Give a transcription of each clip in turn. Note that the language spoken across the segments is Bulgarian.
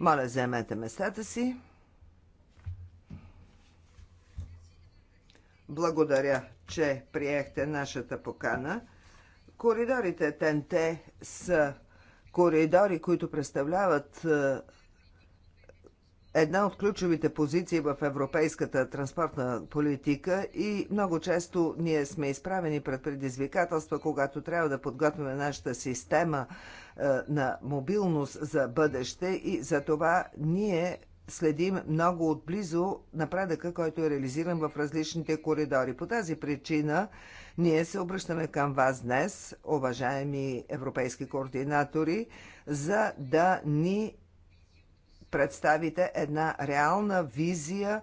Моля, заемете местата си. Благодаря, че приехте нашата покана. Коридорите ТНТ са коридори, които представляват е, една от ключовите позиции в европейската транспортна политика и много често ние сме изправени пред предизвикателства, когато трябва да подготвяме нашата система е, на мобилност за бъдеще и за това ние следим много отблизо напредъка, който е реализиран в различните коридори. По тази причина ние се обръщаме към вас днес, уважаеми европейски координатори, за да ни представите една реална визия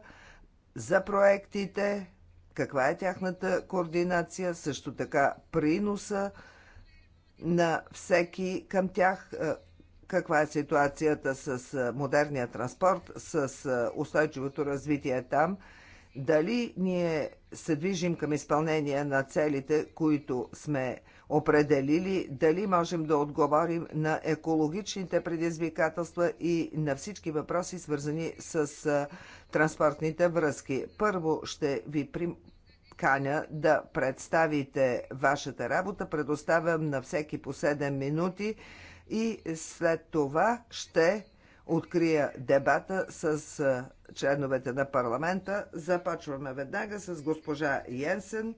за проектите, каква е тяхната координация, също така приноса на всеки към тях, е, каква е ситуацията с е, модерния транспорт, с е, устойчивото развитие там, дали ние се движим към изпълнение на целите, които сме определили дали можем да отговорим на екологичните предизвикателства и на всички въпроси, свързани с транспортните връзки. Първо ще ви каня да представите вашата работа. Предоставям на всеки по 7 минути и след това ще открия дебата с членовете на парламента. Започваме веднага с госпожа Йенсен.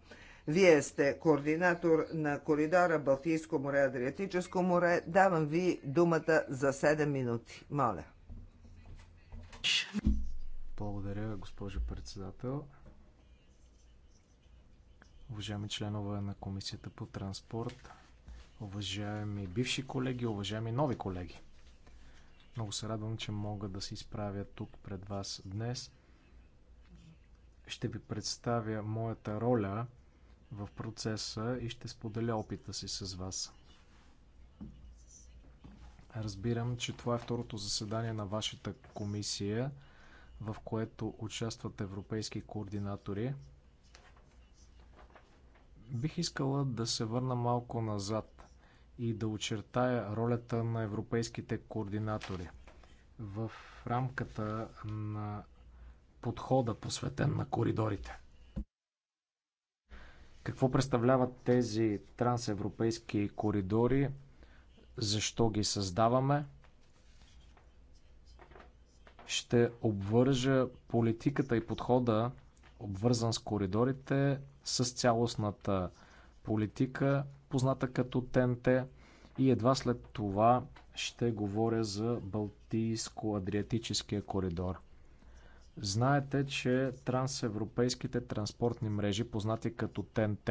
Вие сте координатор на коридора Балтийско море, Адриатическо море. Давам ви думата за 7 минути. Моля. Благодаря, госпожо председател. Уважаеми членове на Комисията по транспорт, уважаеми бивши колеги, уважаеми нови колеги. Много се радвам, че мога да се изправя тук пред вас днес. Ще ви представя моята роля в процеса и ще споделя опита си с вас. Разбирам, че това е второто заседание на вашата комисия, в което участват европейски координатори. Бих искала да се върна малко назад и да очертая ролята на европейските координатори в рамката на подхода, посветен на коридорите. Какво представляват тези трансевропейски коридори? Защо ги създаваме? Ще обвържа политиката и подхода, обвързан с коридорите, с цялостната политика, позната като ТНТ. И едва след това ще говоря за Балтийско-Адриатическия коридор. Знаете, че трансевропейските транспортни мрежи, познати като ТНТ,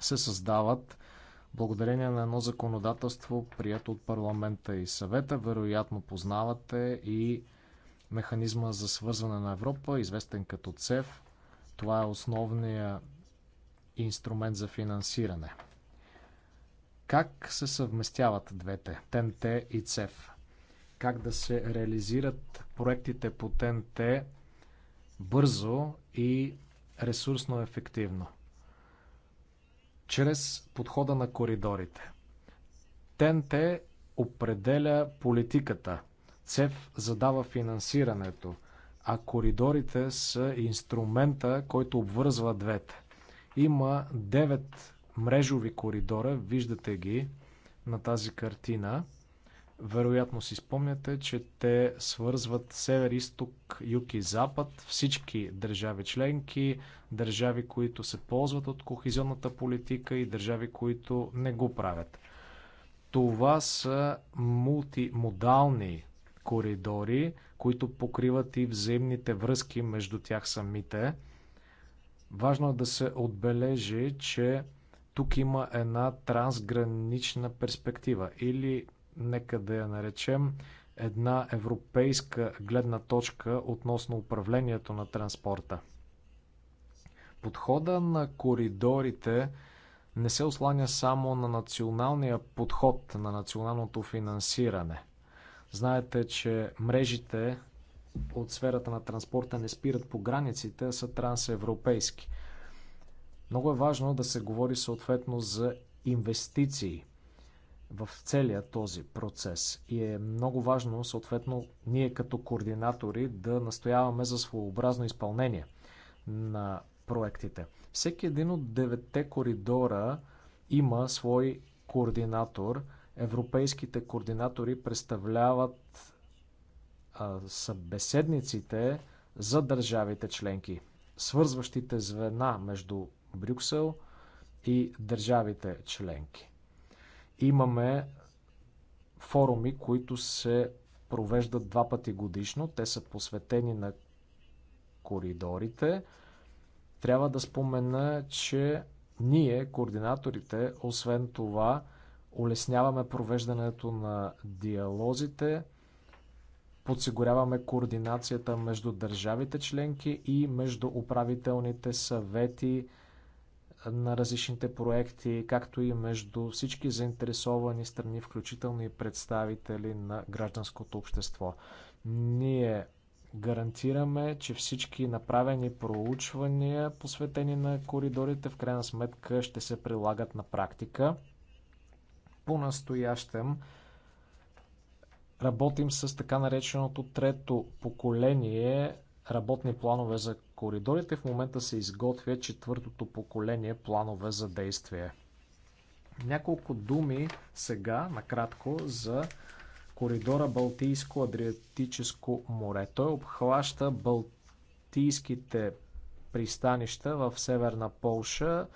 се създават благодарение на едно законодателство, прието от парламента и съвета. Вероятно познавате и механизма за свързване на Европа, известен като ЦЕФ. Това е основният инструмент за финансиране. Как се съвместяват двете ТНТ и ЦЕФ? как да се реализират проектите по ТНТ бързо и ресурсно ефективно. Чрез подхода на коридорите. ТНТ определя политиката, ЦЕФ задава финансирането, а коридорите са инструмента, който обвързва двете. Има девет мрежови коридора, виждате ги на тази картина – вероятно си спомняте, че те свързват север, изток, юг и запад, всички държави членки, държави, които се ползват от кохезионната политика и държави, които не го правят. Това са мултимодални коридори, които покриват и взаимните връзки между тях самите. Важно е да се отбележи, че тук има една трансгранична перспектива или нека да я наречем, една европейска гледна точка относно управлението на транспорта. Подхода на коридорите не се осланя само на националния подход на националното финансиране. Знаете, че мрежите от сферата на транспорта не спират по границите, а са трансевропейски. Много е важно да се говори съответно за инвестиции в целия този процес. И е много важно, съответно, ние като координатори да настояваме за своеобразно изпълнение на проектите. Всеки един от девете коридора има свой координатор. Европейските координатори представляват а, събеседниците за държавите членки, свързващите звена между Брюксел и държавите членки. Имаме форуми, които се провеждат два пъти годишно. Те са посветени на коридорите. Трябва да спомена, че ние, координаторите, освен това, улесняваме провеждането на диалозите, подсигуряваме координацията между държавите членки и между управителните съвети на различните проекти, както и между всички заинтересовани страни, включително и представители на гражданското общество. Ние гарантираме, че всички направени проучвания, посветени на коридорите, в крайна сметка ще се прилагат на практика. По-настоящем работим с така нареченото трето поколение работни планове за коридорите в момента се изготвя четвъртото поколение планове за действие. Няколко думи сега, накратко, за коридора Балтийско-Адриатическо море. Той обхваща Балтийските пристанища в северна Полша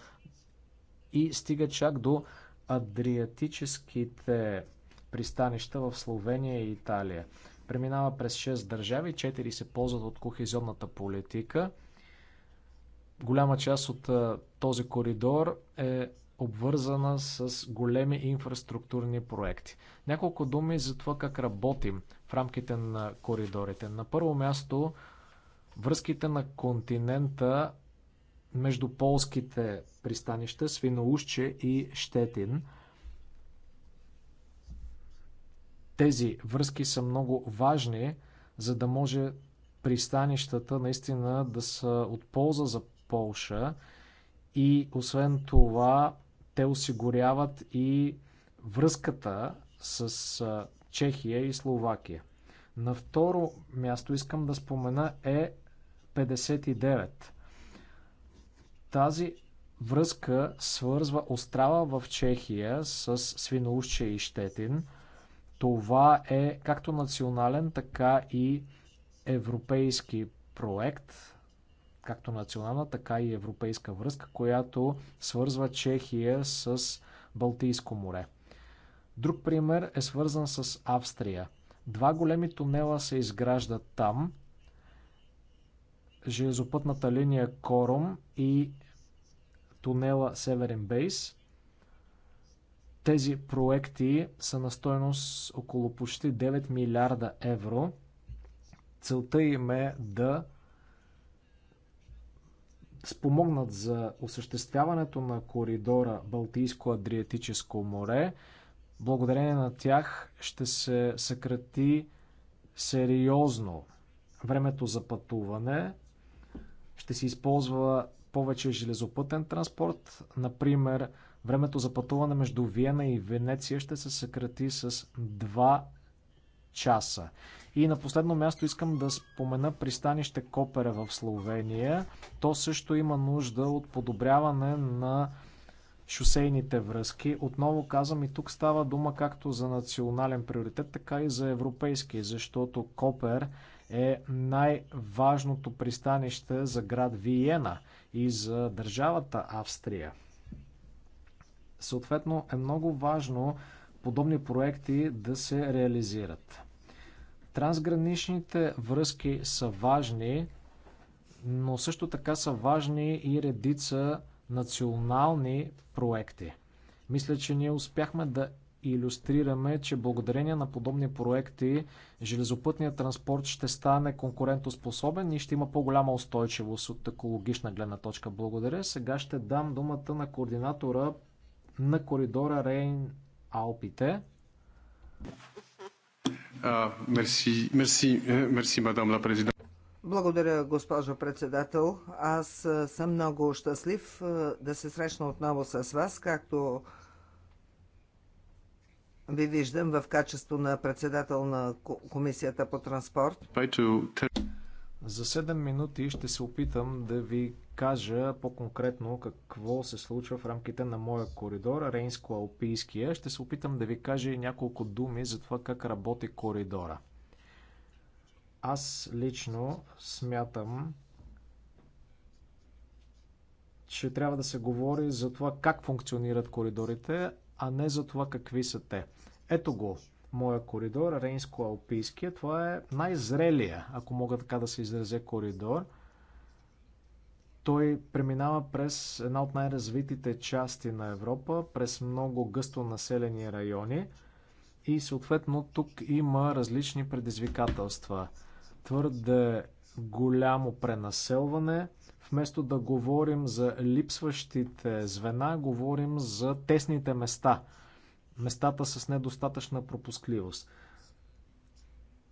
и стига чак до Адриатическите пристанища в Словения и Италия преминава през 6 държави, 4 се ползват от кохезионната политика. Голяма част от този коридор е обвързана с големи инфраструктурни проекти. Няколко думи за това как работим в рамките на коридорите. На първо място, връзките на континента между полските пристанища Свиноушче и Щетин – Тези връзки са много важни, за да може пристанищата наистина да са от полза за Полша и освен това те осигуряват и връзката с Чехия и Словакия. На второ място искам да спомена Е59. Тази връзка свързва острова в Чехия с Свиноушче и Щетин – това е както национален, така и европейски проект, както национална, така и европейска връзка, която свързва Чехия с Балтийско море. Друг пример е свързан с Австрия. Два големи тунела се изграждат там. Железопътната линия Корум и тунела Северен Бейс. Тези проекти са на стоеност около почти 9 милиарда евро. Целта им е да спомогнат за осъществяването на коридора Балтийско-Адриатическо море. Благодарение на тях ще се съкрати сериозно времето за пътуване. Ще се използва повече железопътен транспорт, например Времето за пътуване между Виена и Венеция ще се съкрати с 2 часа. И на последно място искам да спомена пристанище Копере в Словения. То също има нужда от подобряване на шосейните връзки. Отново казвам и тук става дума както за национален приоритет, така и за европейски, защото Копер е най-важното пристанище за град Виена и за държавата Австрия. Съответно е много важно подобни проекти да се реализират. Трансграничните връзки са важни, но също така са важни и редица национални проекти. Мисля, че ние успяхме да иллюстрираме, че благодарение на подобни проекти железопътният транспорт ще стане конкурентоспособен и ще има по-голяма устойчивост от екологична гледна точка. Благодаря. Сега ще дам думата на координатора на коридора Рейн-Алпите. Мерси, мерси, мерси, мадам президент. Благодаря, госпожо председател. Аз съм много щастлив да се срещна отново с вас, както ви виждам в качество на председател на Комисията по транспорт. За 7 минути ще се опитам да ви кажа по-конкретно какво се случва в рамките на моя коридор, Рейнско-Алпийския. Ще се опитам да ви кажа и няколко думи за това как работи коридора. Аз лично смятам, че трябва да се говори за това как функционират коридорите, а не за това какви са те. Ето го, моя коридор, Рейнско-Алпийския. Това е най-зрелия, ако мога така да се изразя, коридор – той преминава през една от най-развитите части на Европа, през много гъсто населени райони и съответно тук има различни предизвикателства. Твърде голямо пренаселване. Вместо да говорим за липсващите звена, говорим за тесните места. Местата с недостатъчна пропускливост.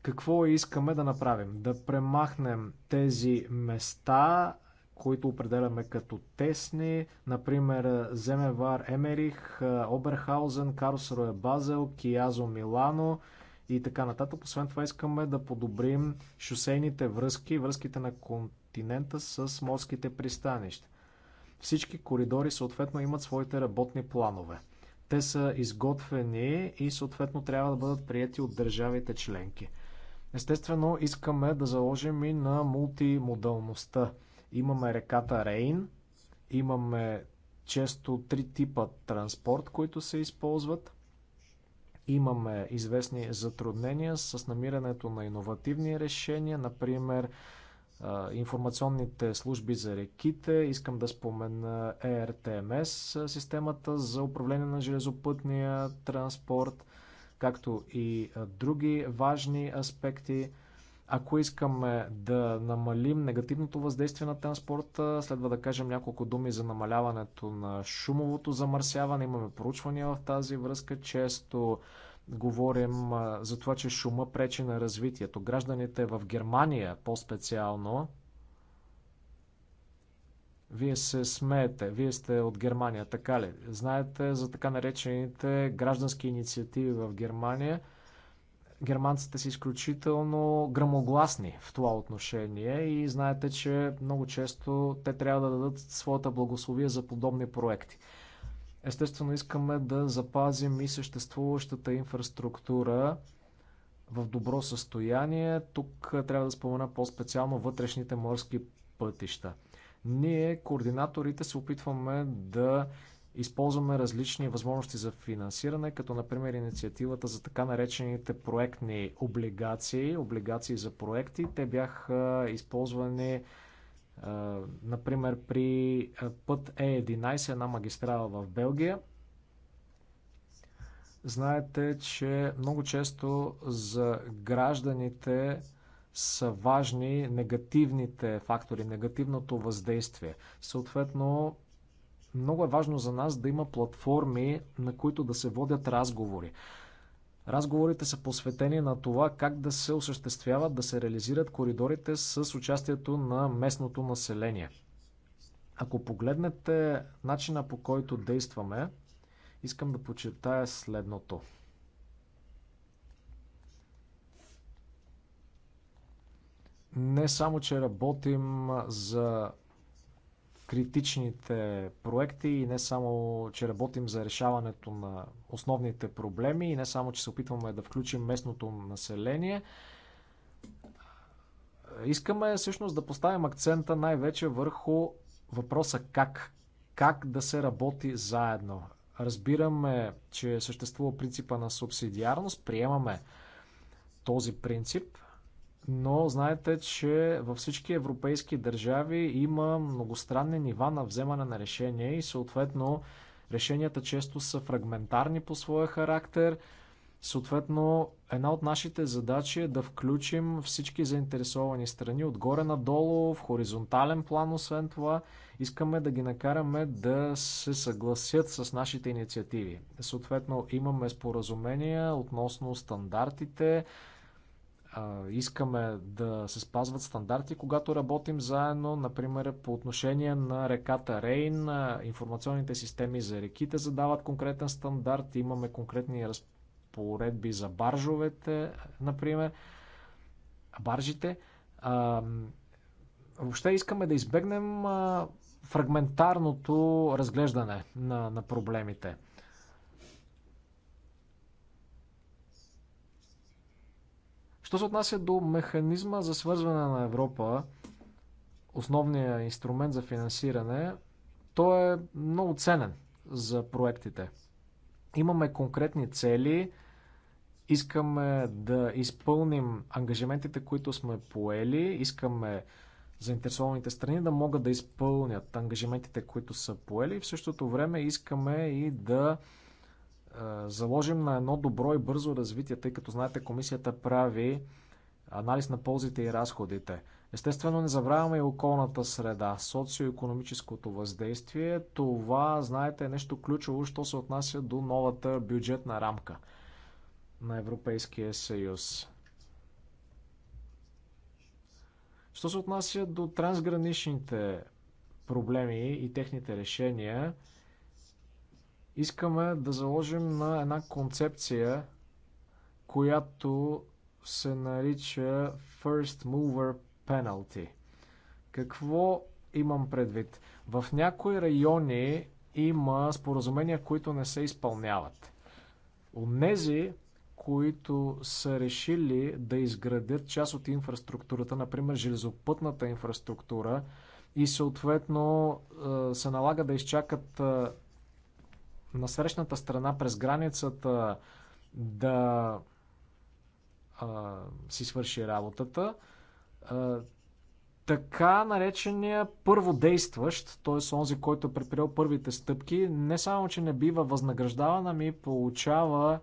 Какво искаме да направим? Да премахнем тези места, които определяме като тесни, например Земевар, Емерих, Оберхаузен, Карлсруе, Базел, Киазо Милано и така нататък. Освен това искаме да подобрим шосейните връзки, връзките на континента с морските пристанища. Всички коридори съответно имат своите работни планове. Те са изготвени и съответно трябва да бъдат прияти от държавите членки. Естествено, искаме да заложим и на мултимодалността. Имаме реката Рейн, имаме често три типа транспорт, които се използват. Имаме известни затруднения с намирането на иновативни решения, например информационните служби за реките. Искам да спомена ERTMS, системата за управление на железопътния транспорт, както и други важни аспекти. Ако искаме да намалим негативното въздействие на транспорта, следва да кажем няколко думи за намаляването на шумовото замърсяване. Имаме проучвания в тази връзка. Често говорим за това, че шума пречи на развитието. Гражданите в Германия по-специално. Вие се смеете, вие сте от Германия, така ли? Знаете за така наречените граждански инициативи в Германия – Германците са изключително грамогласни в това отношение и знаете, че много често те трябва да дадат своята благословие за подобни проекти. Естествено, искаме да запазим и съществуващата инфраструктура в добро състояние. Тук трябва да спомена по-специално вътрешните морски пътища. Ние, координаторите, се опитваме да използваме различни възможности за финансиране, като например инициативата за така наречените проектни облигации, облигации за проекти. Те бяха използвани например при път Е11, една магистрала в Белгия. Знаете, че много често за гражданите са важни негативните фактори, негативното въздействие. Съответно, много е важно за нас да има платформи, на които да се водят разговори. Разговорите са посветени на това как да се осъществяват, да се реализират коридорите с участието на местното население. Ако погледнете начина по който действаме, искам да почетая следното. Не само, че работим за критичните проекти и не само, че работим за решаването на основните проблеми и не само, че се опитваме да включим местното население. Искаме всъщност да поставим акцента най-вече върху въпроса как. Как да се работи заедно. Разбираме, че съществува принципа на субсидиарност, приемаме този принцип но знаете, че във всички европейски държави има многостранни нива на вземане на решения и съответно решенията често са фрагментарни по своя характер. Съответно, една от нашите задачи е да включим всички заинтересовани страни отгоре надолу, в хоризонтален план, освен това. Искаме да ги накараме да се съгласят с нашите инициативи. Съответно, имаме споразумения относно стандартите, искаме да се спазват стандарти, когато работим заедно, например по отношение на реката Рейн, информационните системи за реките задават конкретен стандарт, имаме конкретни разпоредби за баржовете, например, баржите. Въобще искаме да избегнем фрагментарното разглеждане на, на проблемите. Що се отнася до механизма за свързване на Европа, основния инструмент за финансиране, той е много ценен за проектите. Имаме конкретни цели, искаме да изпълним ангажиментите, които сме поели, искаме заинтересованите страни да могат да изпълнят ангажиментите, които са поели. В същото време искаме и да заложим на едно добро и бързо развитие, тъй като знаете, комисията прави анализ на ползите и разходите. Естествено, не забравяме и околната среда, социо-економическото въздействие. Това, знаете, е нещо ключово, що се отнася до новата бюджетна рамка на Европейския съюз. Що се отнася до трансграничните проблеми и техните решения, Искаме да заложим на една концепция, която се нарича First Mover Penalty. Какво имам предвид? В някои райони има споразумения, които не се изпълняват. Онези, които са решили да изградят част от инфраструктурата, например железопътната инфраструктура, и съответно се налага да изчакат на срещната страна през границата да а, си свърши работата, а, така наречения първодействащ, т.е. онзи, който е предприел първите стъпки, не само, че не бива възнаграждаван, ами получава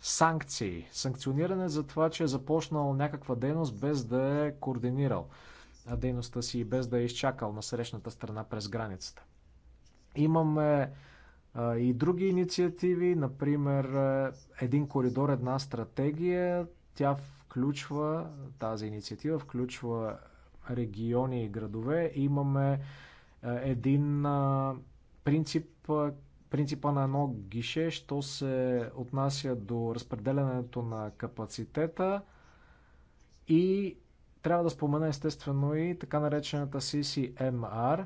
санкции. Санкциониране за това, че е започнал някаква дейност без да е координирал дейността си и без да е изчакал на срещната страна през границата. Имаме и други инициативи, например е, един коридор, една стратегия. Тя включва, тази инициатива включва региони и градове. Имаме е, един принцип, принципа на едно гише, що се отнася до разпределянето на капацитета и трябва да спомена естествено и така наречената CCMR,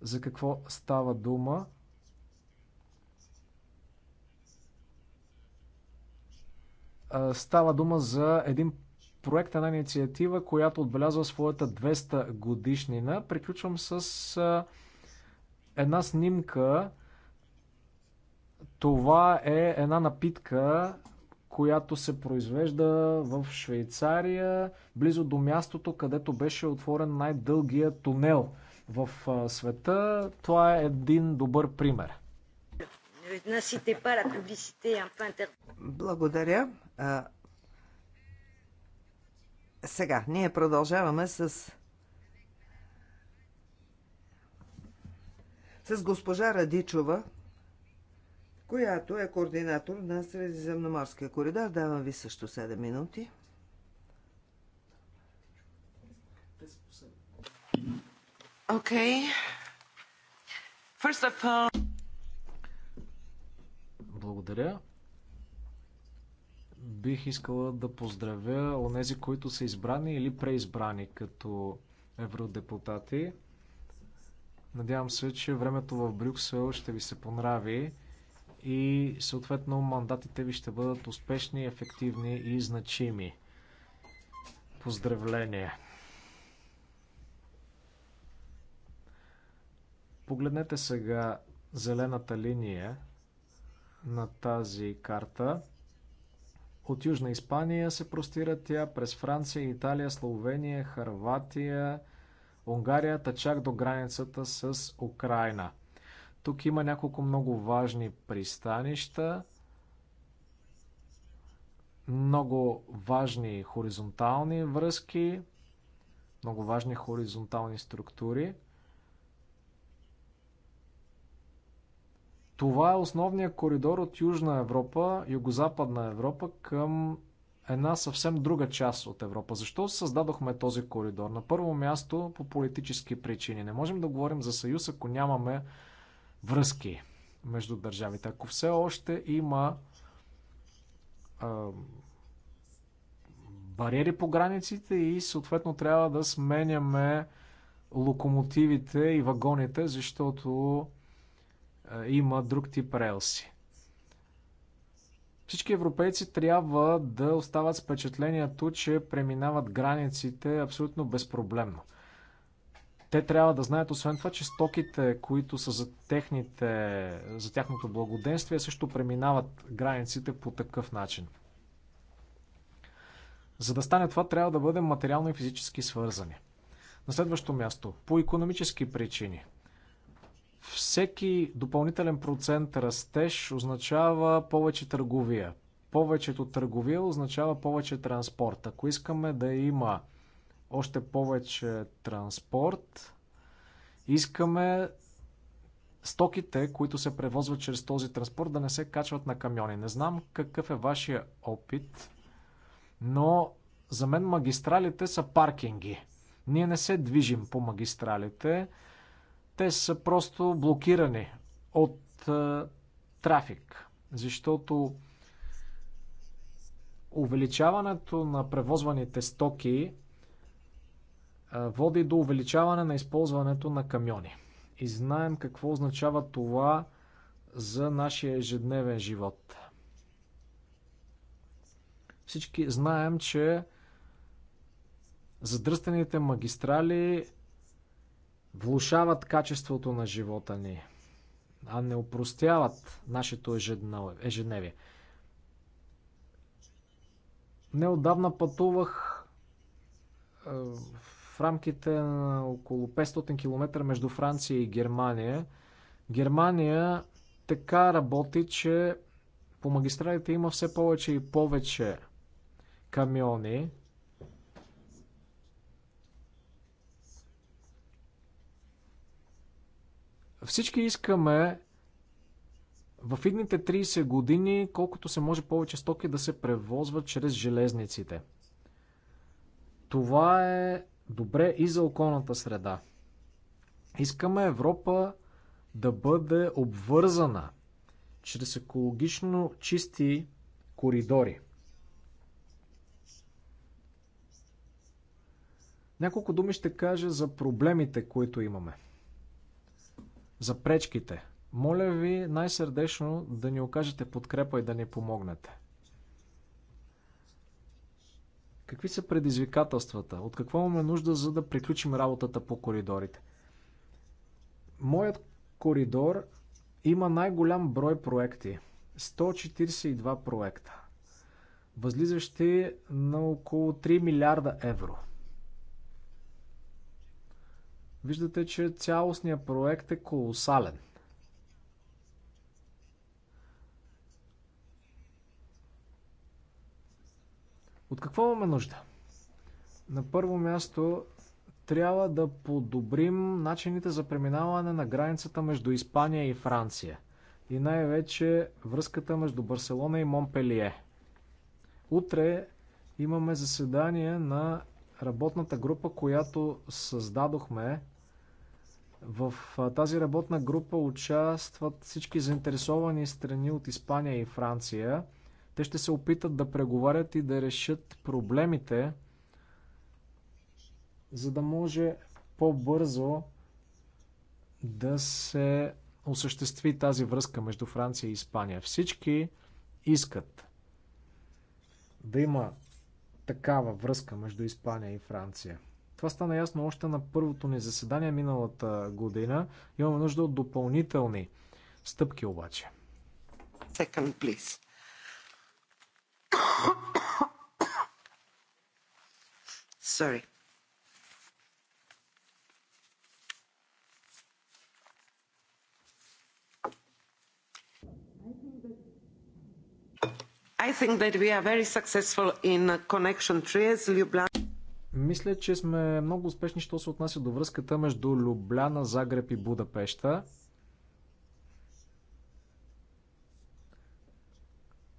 за какво става дума – Става дума за един проект, една инициатива, която отбелязва своята 200 годишнина. Приключвам с една снимка. Това е една напитка, която се произвежда в Швейцария, близо до мястото, където беше отворен най-дългия тунел в света. Това е един добър пример. Благодаря. А, сега, ние продължаваме с с госпожа Радичова, която е координатор на Средиземноморския коридор. Давам ви също 7 минути. Okay. First of all... Благодаря бих искала да поздравя онези, които са избрани или преизбрани като евродепутати. Надявам се, че времето в Брюксел ще ви се понрави и съответно мандатите ви ще бъдат успешни, ефективни и значими. Поздравление! Погледнете сега зелената линия на тази карта. От Южна Испания се простира тя през Франция, Италия, Словения, Харватия, Унгария, чак до границата с Украина. Тук има няколко много важни пристанища, много важни хоризонтални връзки, много важни хоризонтални структури – Това е основният коридор от Южна Европа, Югозападна Европа към една съвсем друга част от Европа. Защо създадохме този коридор? На първо място по политически причини. Не можем да говорим за съюз, ако нямаме връзки между държавите. Ако все още има а, бариери по границите и съответно трябва да сменяме локомотивите и вагоните, защото има друг тип релси. Всички европейци трябва да остават с впечатлението, че преминават границите абсолютно безпроблемно. Те трябва да знаят, освен това, че стоките, които са за, техните, за тяхното благоденствие, също преминават границите по такъв начин. За да стане това, трябва да бъдем материално и физически свързани. На следващо място, по економически причини. Всеки допълнителен процент растеж означава повече търговия. Повечето търговия означава повече транспорт. Ако искаме да има още повече транспорт, искаме стоките, които се превозват чрез този транспорт, да не се качват на камиони. Не знам какъв е вашия опит, но за мен магистралите са паркинги. Ние не се движим по магистралите. Те са просто блокирани от а, е, трафик, защото увеличаването на превозваните стоки а, е, води до увеличаване на използването на камиони. И знаем какво означава това за нашия ежедневен живот. Всички знаем, че задръстените магистрали влушават качеството на живота ни, а не упростяват нашето ежедневие. Неодавна пътувах в рамките на около 500 км между Франция и Германия. Германия така работи, че по магистралите има все повече и повече камиони, Всички искаме в идните 30 години колкото се може повече стоки да се превозват чрез железниците. Това е добре и за околната среда. Искаме Европа да бъде обвързана чрез екологично чисти коридори. Няколко думи ще кажа за проблемите, които имаме за пречките. Моля ви най-сърдечно да ни окажете подкрепа и да ни помогнете. Какви са предизвикателствата? От какво имаме нужда, за да приключим работата по коридорите? Моят коридор има най-голям брой проекти. 142 проекта, възлизащи на около 3 милиарда евро – Виждате, че цялостният проект е колосален. От какво имаме нужда? На първо място трябва да подобрим начините за преминаване на границата между Испания и Франция. И най-вече връзката между Барселона и Монпелие. Утре имаме заседание на работната група, която създадохме в тази работна група участват всички заинтересовани страни от Испания и Франция. Те ще се опитат да преговарят и да решат проблемите, за да може по-бързо да се осъществи тази връзка между Франция и Испания. Всички искат да има такава връзка между Испания и Франция. Това стана ясно още на първото ни заседание миналата година. Имаме нужда от допълнителни стъпки обаче. Second, please. Sorry. I think that we are very successful in connection trees, Ljubljana. Мисля, че сме много успешни, що се отнася до връзката между Любляна, Загреб и Будапешта.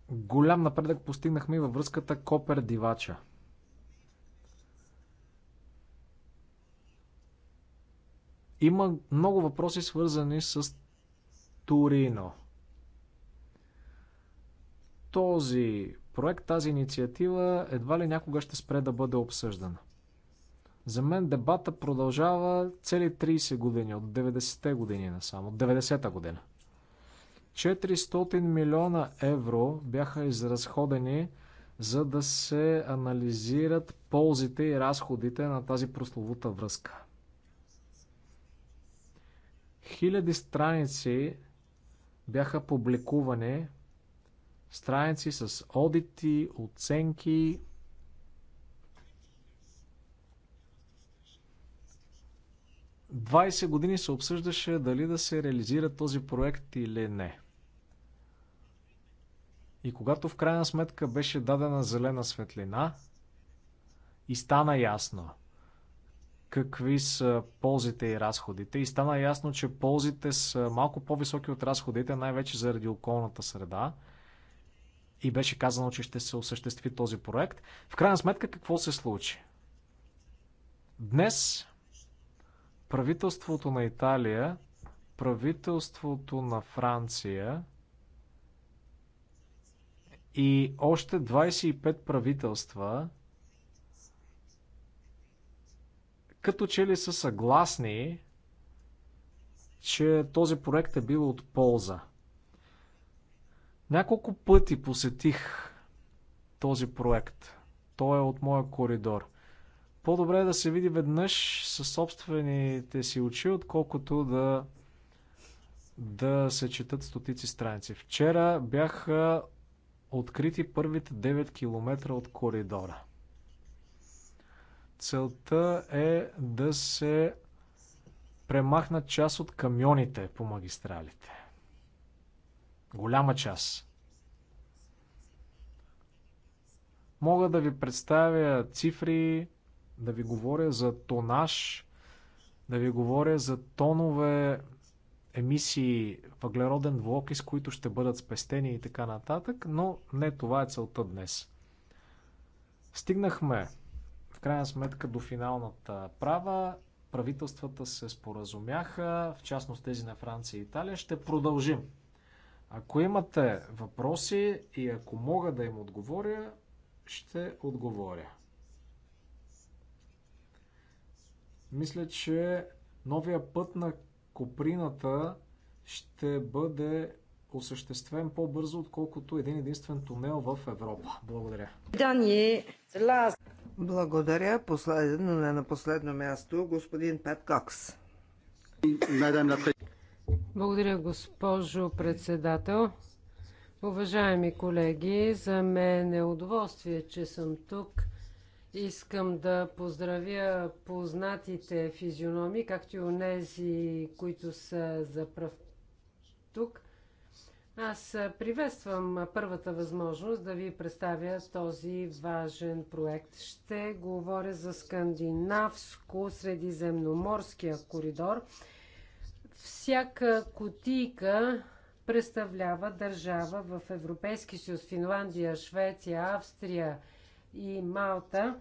Голям напредък постигнахме и във връзката Копер-Дивача. Има много въпроси свързани с Торино. Този проект, тази инициатива едва ли някога ще спре да бъде обсъждана. За мен дебата продължава цели 30 години, от 90-те години насам, от 90-та година. 400 милиона евро бяха изразходени за да се анализират ползите и разходите на тази прословута връзка. Хиляди страници бяха публикувани страници с одити, оценки. Двадесет години се обсъждаше дали да се реализира този проект или не. И когато в крайна сметка беше дадена зелена светлина и стана ясно какви са ползите и разходите и стана ясно, че ползите са малко по-високи от разходите, най-вече заради околната среда – и беше казано, че ще се осъществи този проект. В крайна сметка какво се случи? Днес правителството на Италия, правителството на Франция и още 25 правителства като че ли са съгласни, че този проект е бил от полза – няколко пъти посетих този проект. Той е от моя коридор. По-добре е да се види веднъж със собствените си очи, отколкото да, да се четат стотици страници. Вчера бяха открити първите 9 км от коридора. Целта е да се премахнат част от камионите по магистралите. Голяма част. Мога да ви представя цифри, да ви говоря за тонаж, да ви говоря за тонове емисии въглероден двуокис, които ще бъдат спестени и така нататък, но не това е целта днес. Стигнахме в крайна сметка до финалната права. Правителствата се споразумяха, в частност тези на Франция и Италия. Ще продължим ако имате въпроси и ако мога да им отговоря, ще отговоря. Мисля, че новия път на Коприната ще бъде осъществен по-бързо, отколкото един единствен тунел в Европа. Благодаря. Благодаря. Последно, не на последно място, господин Пет Кокс. Благодаря, госпожо председател. Уважаеми колеги, за мен е удоволствие, че съм тук. Искам да поздравя познатите физиономи, както и онези, които са за пръв тук. Аз приветствам първата възможност да ви представя този важен проект. Ще говоря за скандинавско-средиземноморския коридор – всяка котийка представлява държава в Европейски съюз. Финландия, Швеция, Австрия и Малта.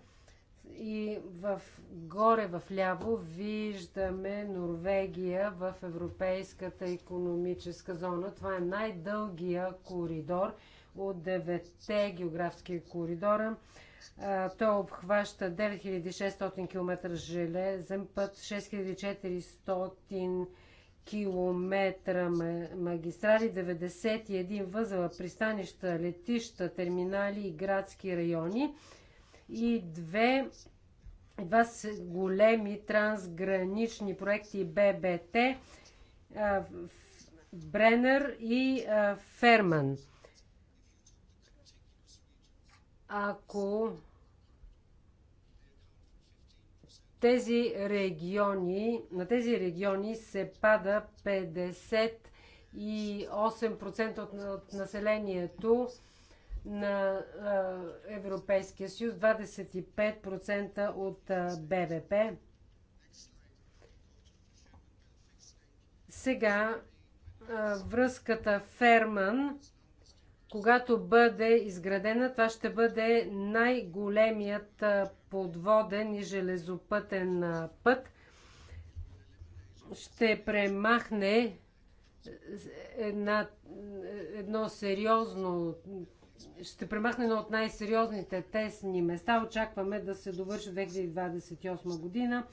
И в горе, в ляво, виждаме Норвегия в Европейската економическа зона. Това е най-дългия коридор от девете географски коридора. Той обхваща 9600 км железен път, 6400 км километра магистрали, 91 възела, пристанища, летища, терминали и градски райони и две два големи трансгранични проекти ББТ, Бренер и Ферман. Ако тези региони, на тези региони се пада 58% от, от населението на а, Европейския съюз, 25% от а, БВП. Сега а, връзката Ферман, когато бъде изградена, това ще бъде най-големият подводен и железопътен път ще премахне една, едно сериозно ще премахне едно от най-сериозните тесни места. Очакваме да се довърши 2028 година.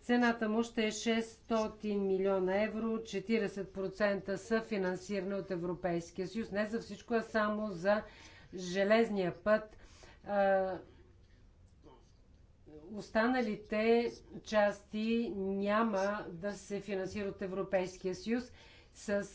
Цената му ще е 600 милиона евро, 40% са финансирани от Европейския съюз. Не за всичко, а само за железния път. Останалите части няма да се финансират от Европейския съюз. С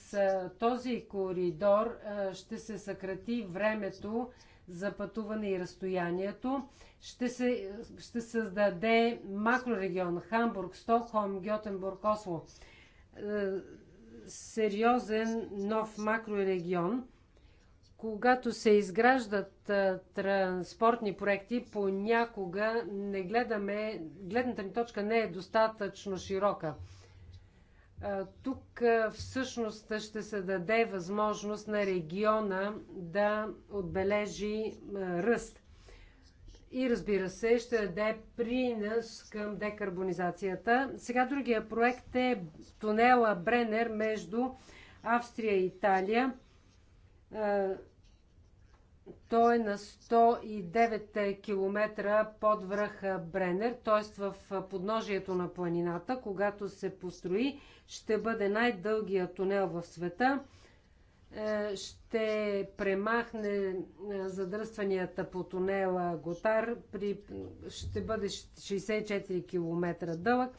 този коридор ще се съкрати времето за пътуване и разстоянието. Ще се ще създаде макрорегион Хамбург, Стокхолм, Гьотенбург, Осло. Е, сериозен нов макрорегион – когато се изграждат транспортни проекти, понякога не гледаме, гледната ни точка не е достатъчно широка. Тук всъщност ще се даде възможност на региона да отбележи ръст. И разбира се, ще даде принос към декарбонизацията. Сега другия проект е тунела Бренер между Австрия и Италия. Той е на 109 км под връх Бренер, т.е. в подножието на планината. Когато се построи, ще бъде най-дългия тунел в света. Е, ще премахне е, задръстванията по тунела Готар. При... Ще бъде 64 км дълъг.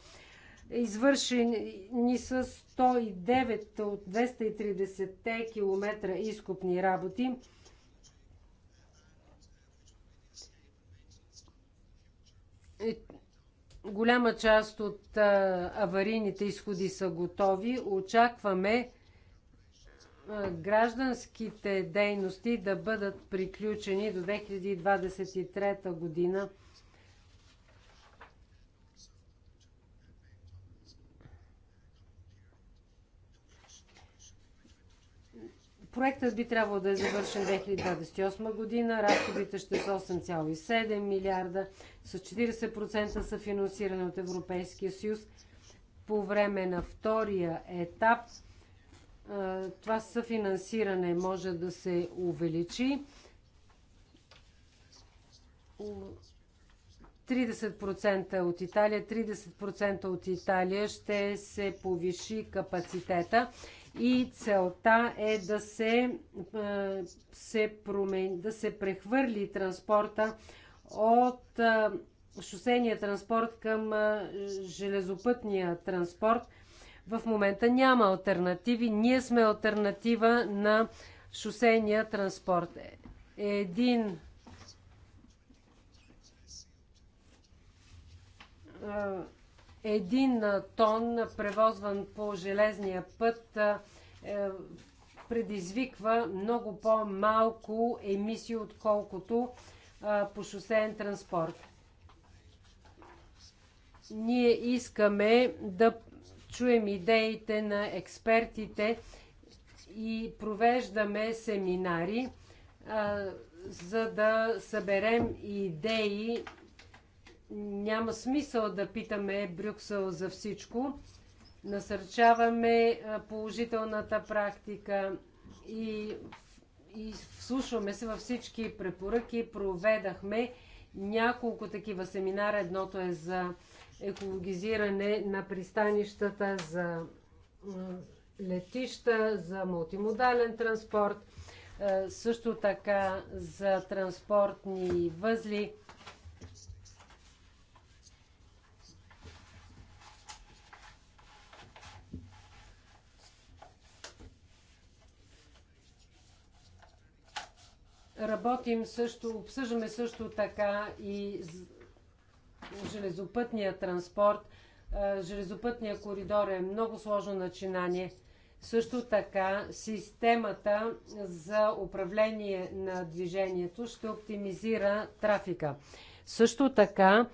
Извършени са 109 от 230 км изкупни работи Е, голяма част от аварийните изходи са готови. Очакваме гражданските дейности да бъдат приключени до 2023 година. Проектът би трябвало да е завършен 2028 година. Разходите ще са 8,7 милиарда с 40% са финансирани от Европейския съюз. По време на втория етап това съфинансиране може да се увеличи. 30% от Италия, 30% от Италия ще се повиши капацитета и целта е да се, се, промен, да се прехвърли транспорта от шосения транспорт към железопътния транспорт. В момента няма альтернативи. Ние сме альтернатива на шосения транспорт. Е, един един тон, превозван по железния път, е, предизвиква много по-малко емисии, отколкото по шосеен транспорт. Ние искаме да чуем идеите на експертите и провеждаме семинари, а, за да съберем идеи. Няма смисъл да питаме Брюксел за всичко. Насърчаваме положителната практика и и вслушваме се във всички препоръки. Проведахме няколко такива семинара. Едното е за екологизиране на пристанищата, за летища, за мултимодален транспорт, също така за транспортни възли – Работим също, обсъждаме също така и железопътния транспорт. Железопътния коридор е много сложно начинание. Също така системата за управление на движението ще оптимизира трафика. Също така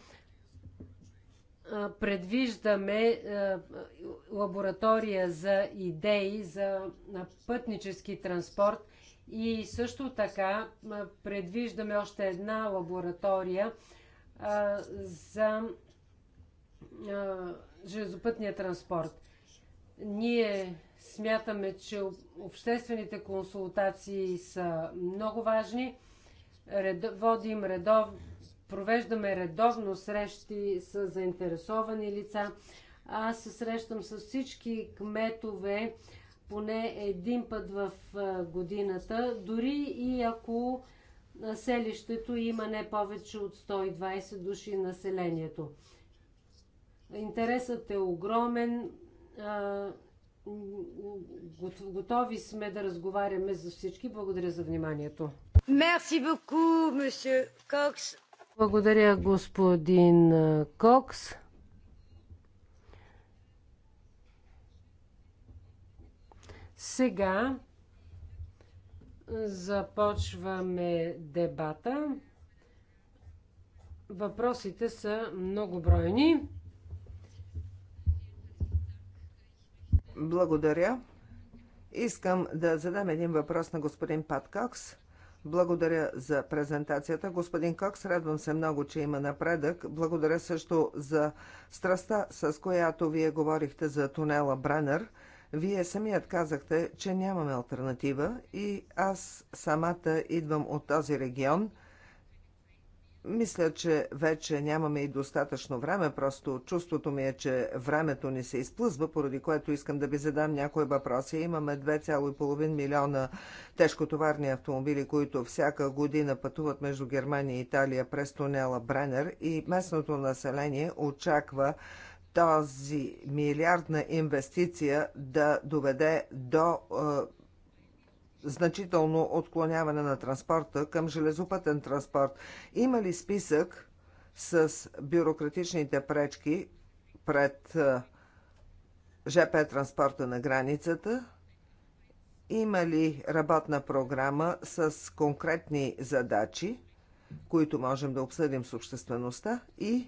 предвиждаме лаборатория за идеи за пътнически транспорт, и също така предвиждаме още една лаборатория а, за а, железопътния транспорт. Ние смятаме, че обществените консултации са много важни. Ред, водим редов, провеждаме редовно срещи с заинтересовани лица. Аз се срещам с всички кметове, поне един път в годината, дори и ако селището има не повече от 120 души населението. Интересът е огромен. Готови сме да разговаряме за всички. Благодаря за вниманието. Мерси beaucoup, Кокс. Благодаря, господин Кокс. Сега започваме дебата. Въпросите са многобройни. Благодаря. Искам да задам един въпрос на господин Пат Кокс. Благодаря за презентацията. Господин Кокс, радвам се много, че има напредък. Благодаря също за страста, с която вие говорихте за тунела Бренер – вие самият казахте, че нямаме альтернатива и аз самата идвам от този регион. Мисля, че вече нямаме и достатъчно време, просто чувството ми е, че времето ни се изплъзва, поради което искам да ви задам някои въпроси. Имаме 2,5 милиона тежкотоварни автомобили, които всяка година пътуват между Германия и Италия през тунела Бренер и местното население очаква тази милиардна инвестиция да доведе до е, значително отклоняване на транспорта към железопътен транспорт. Има ли списък с бюрократичните пречки пред е, ЖП транспорта на границата? Има ли работна програма с конкретни задачи, които можем да обсъдим с обществеността и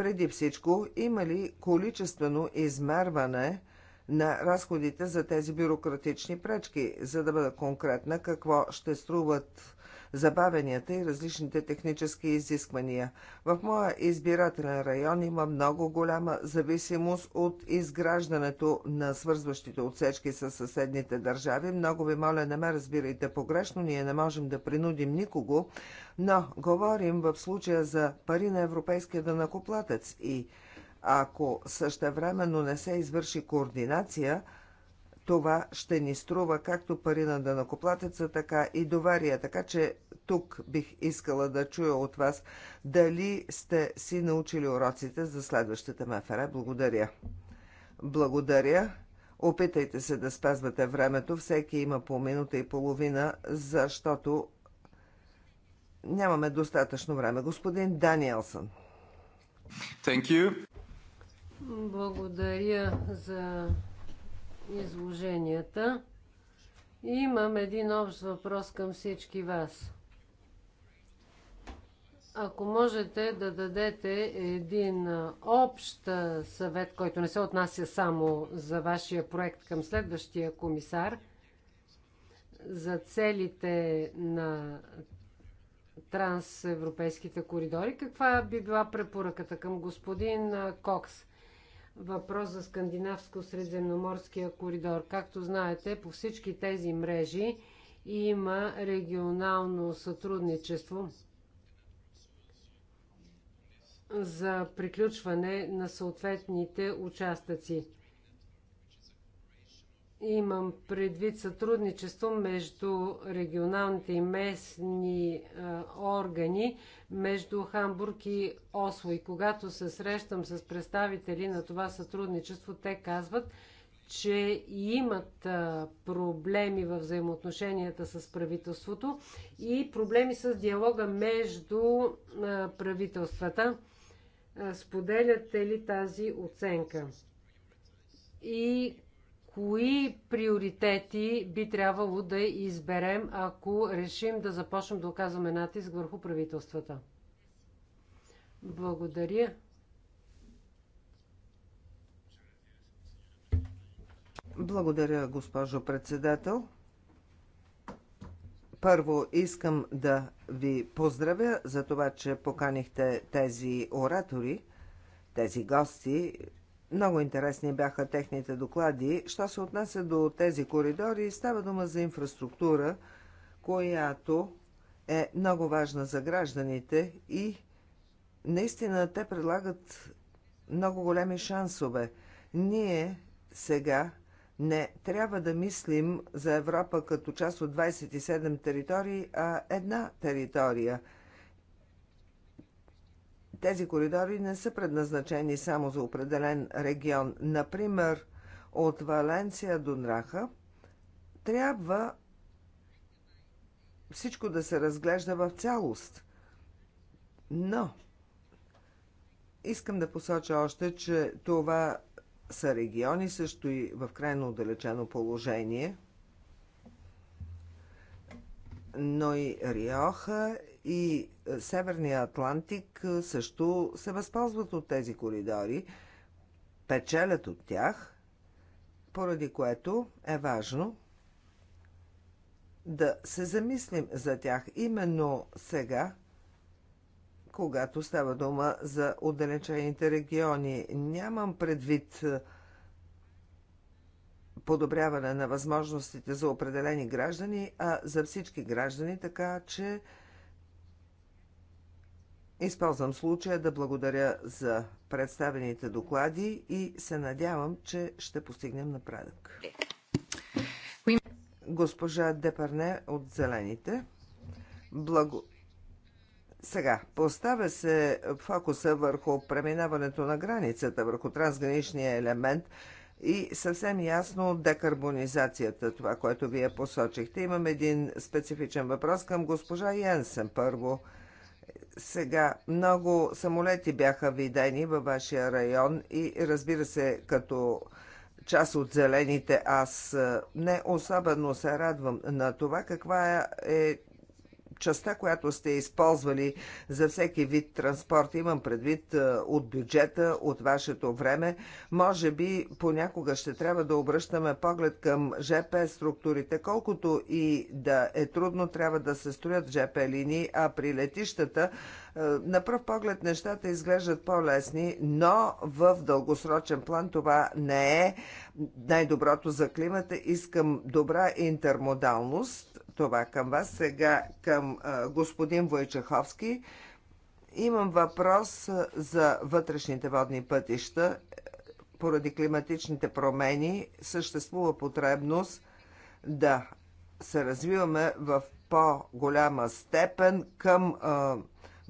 преди всичко, има ли количествено измерване на разходите за тези бюрократични пречки, за да бъда конкретна, какво ще струват забавенията и различните технически изисквания. В моя избирателен район има много голяма зависимост от изграждането на свързващите отсечки с съседните държави. Много ви моля, не ме разбирайте погрешно, ние не можем да принудим никого, но говорим в случая за пари на европейския данакоплатец и ако същевременно не се извърши координация – това ще ни струва както пари на дънакоплатеца, така и довария. Така че тук бих искала да чуя от вас дали сте си научили уроците за следващата МФР. Благодаря. Благодаря. Опитайте се да спазвате времето. Всеки има по минута и половина, защото нямаме достатъчно време. Господин Даниелсън. Thank you. Благодаря за изложенията. И имам един общ въпрос към всички вас. Ако можете да дадете един общ съвет, който не се отнася само за вашия проект към следващия комисар, за целите на трансевропейските коридори, каква би била препоръката към господин Кокс? въпрос за Скандинавско-средземноморския коридор. Както знаете, по всички тези мрежи има регионално сътрудничество за приключване на съответните участъци. Имам предвид сътрудничество между регионалните и местни а, органи, между Хамбург и Осло. И когато се срещам с представители на това сътрудничество, те казват, че имат а, проблеми в взаимоотношенията с правителството и проблеми с диалога между а, правителствата. Споделяте ли тази оценка? И кои приоритети би трябвало да изберем, ако решим да започнем да оказваме натиск върху правителствата. Благодаря. Благодаря, госпожо председател. Първо искам да ви поздравя за това, че поканихте тези оратори, тези гости много интересни бяха техните доклади. Що се отнася до тези коридори, става дума за инфраструктура, която е много важна за гражданите и наистина те предлагат много големи шансове. Ние сега не трябва да мислим за Европа като част от 27 територии, а една територия – тези коридори не са предназначени само за определен регион. Например, от Валенция до Нраха трябва всичко да се разглежда в цялост. Но искам да посоча още, че това са региони също и в крайно отдалечено положение, но и Риоха и Северния Атлантик също се възползват от тези коридори, печелят от тях, поради което е важно да се замислим за тях именно сега, когато става дума за отдалечените региони. Нямам предвид подобряване на възможностите за определени граждани, а за всички граждани, така че Използвам случая да благодаря за представените доклади и се надявам, че ще постигнем напредък. Госпожа Депарне от Зелените. Благо... Сега, поставя се фокуса върху преминаването на границата, върху трансграничния елемент и съвсем ясно декарбонизацията, това, което вие посочихте. Имам един специфичен въпрос към госпожа Йенсен първо – сега много самолети бяха видени във вашия район и разбира се, като част от зелените, аз е, не особено се радвам на това каква е частта, която сте използвали за всеки вид транспорт, имам предвид е, от бюджета, от вашето време, може би понякога ще трябва да обръщаме поглед към ЖП структурите. Колкото и да е трудно, трябва да се строят ЖП линии, а при летищата е, на пръв поглед нещата изглеждат по-лесни, но в дългосрочен план това не е най-доброто за климата. Искам добра интермодалност. Това към вас. Сега към е, господин Войчаховски. Имам въпрос е, за вътрешните водни пътища. Поради климатичните промени съществува потребност да се развиваме в по-голяма степен към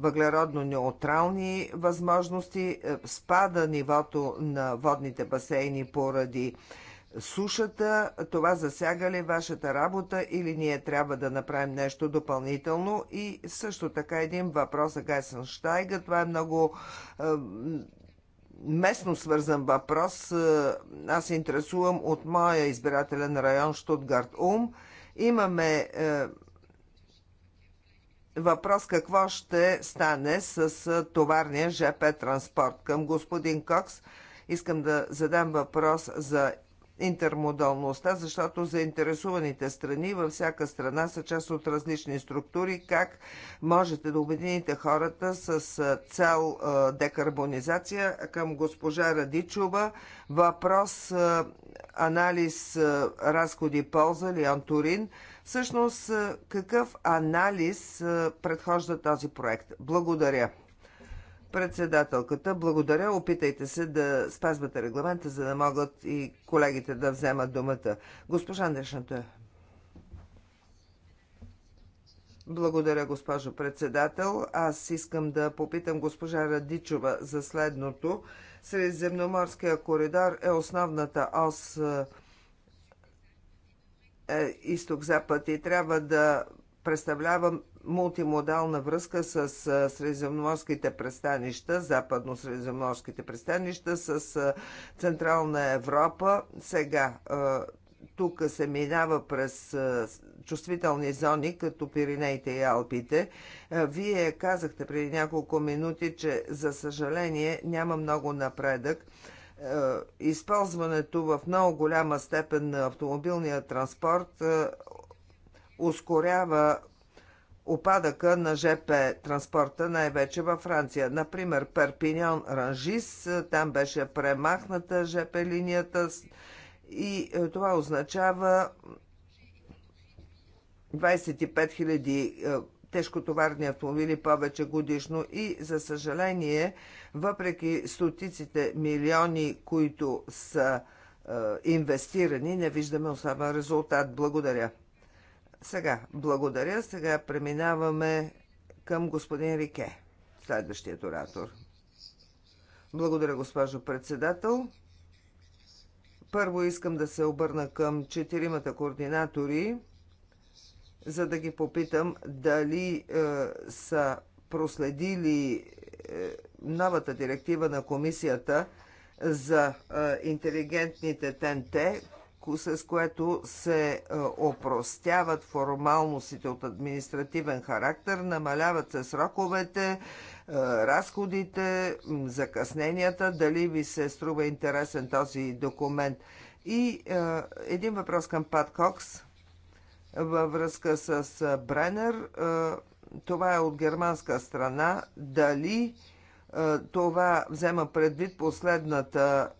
въглеродно-неутрални възможности, е, спада нивото на водните басейни поради сушата, това засяга ли вашата работа или ние трябва да направим нещо допълнително? И също така един въпрос за Штайга. Това е много е, местно свързан въпрос. Е, аз се интересувам от моя избирателен район Штутгарт-Ум. Имаме е, въпрос какво ще стане с товарния ЖП транспорт. Към господин Кокс искам да задам въпрос за интермодалността, защото заинтересуваните страни във всяка страна са част от различни структури. Как можете да обедините хората с цел декарбонизация? Към госпожа Радичова въпрос анализ разходи полза Лиан Турин – Всъщност, какъв анализ предхожда този проект? Благодаря. Председателката, благодаря. Опитайте се да спазвате регламента, за да могат и колегите да вземат думата. Госпожа Дешната. Благодаря, госпожо председател. Аз искам да попитам госпожа Радичова за следното. Средиземноморския коридор е основната ос е, изток-запад и трябва да представлява мултимодална връзка с е, средиземноморските пристанища, западно-средиземноморските пристанища, с е, Централна Европа. Сега тук се минава през чувствителни зони, като Пиринеите и Алпите. Вие казахте преди няколко минути, че за съжаление няма много напредък е, използването в много голяма степен на автомобилния транспорт е, ускорява опадъка на ЖП транспорта, най-вече във Франция. Например, Перпиньон Ранжис, е, там беше премахната ЖП линията и това означава 25 000 тежкотоварни автомобили повече годишно и, за съжаление, въпреки стотиците милиони, които са е, инвестирани, не виждаме особен резултат. Благодаря. Сега, благодаря. Сега преминаваме към господин Рике, следващият оратор. Благодаря, госпожо председател. Първо искам да се обърна към четиримата координатори за да ги попитам дали е, са проследили е, новата директива на комисията за е, интелигентните ТНТ, с което се е, опростяват формалностите от административен характер, намаляват се сроковете, е, разходите, закъсненията, дали ви се струва интересен този документ. И е, един въпрос към Пат Кокс във връзка с Бренер. Това е от германска страна. Дали това взема предвид последната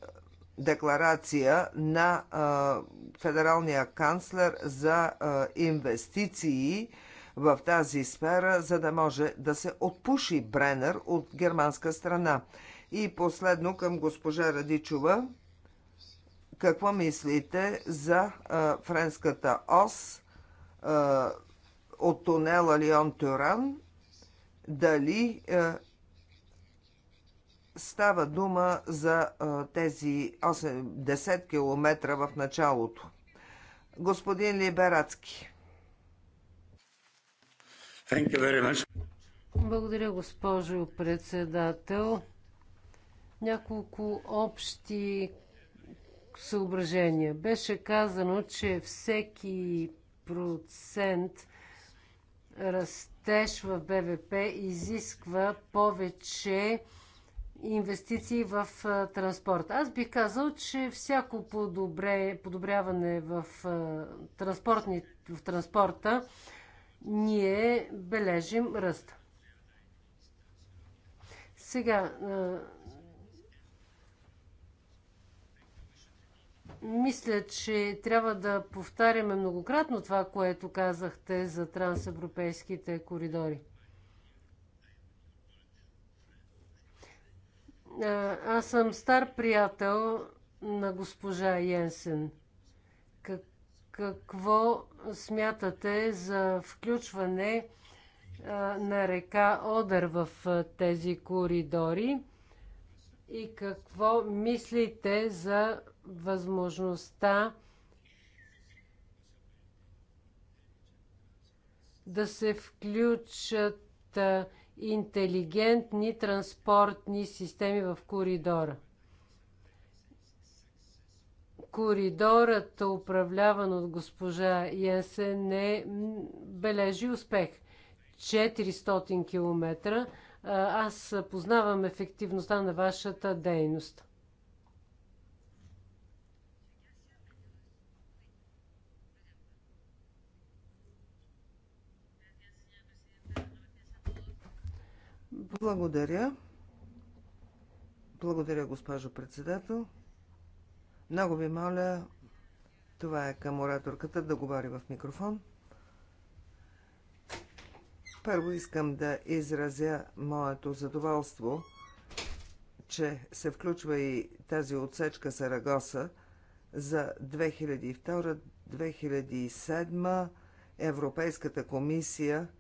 декларация на федералния канцлер за инвестиции в тази сфера, за да може да се отпуши Бренер от германска страна. И последно към госпожа Радичова. Какво мислите за френската ОС от тунела Лион Тюран, дали става дума за тези 8-10 км в началото. Господин Либерацки. Благодаря, госпожо председател. Няколко общи съображения. Беше казано, че всеки процент растеж в БВП изисква повече инвестиции в транспорт. Аз бих казал, че всяко подобре, подобряване в, транспортни, в транспорта ние бележим ръст. Сега, мисля, че трябва да повтаряме многократно това, което казахте за трансевропейските коридори. Аз съм стар приятел на госпожа Йенсен. Какво смятате за включване на река Одър в тези коридори? И какво мислите за възможността да се включат интелигентни транспортни системи в коридора. Коридорът, управляван от госпожа Йенсен, е бележи успех. 400 км. Аз познавам ефективността на вашата дейност. Благодаря. Благодаря, госпожо председател. Много ви моля, това е към ораторката, да говори в микрофон. Първо искам да изразя моето задоволство, че се включва и тази отсечка Сарагоса за 2002-2007 Европейската комисия –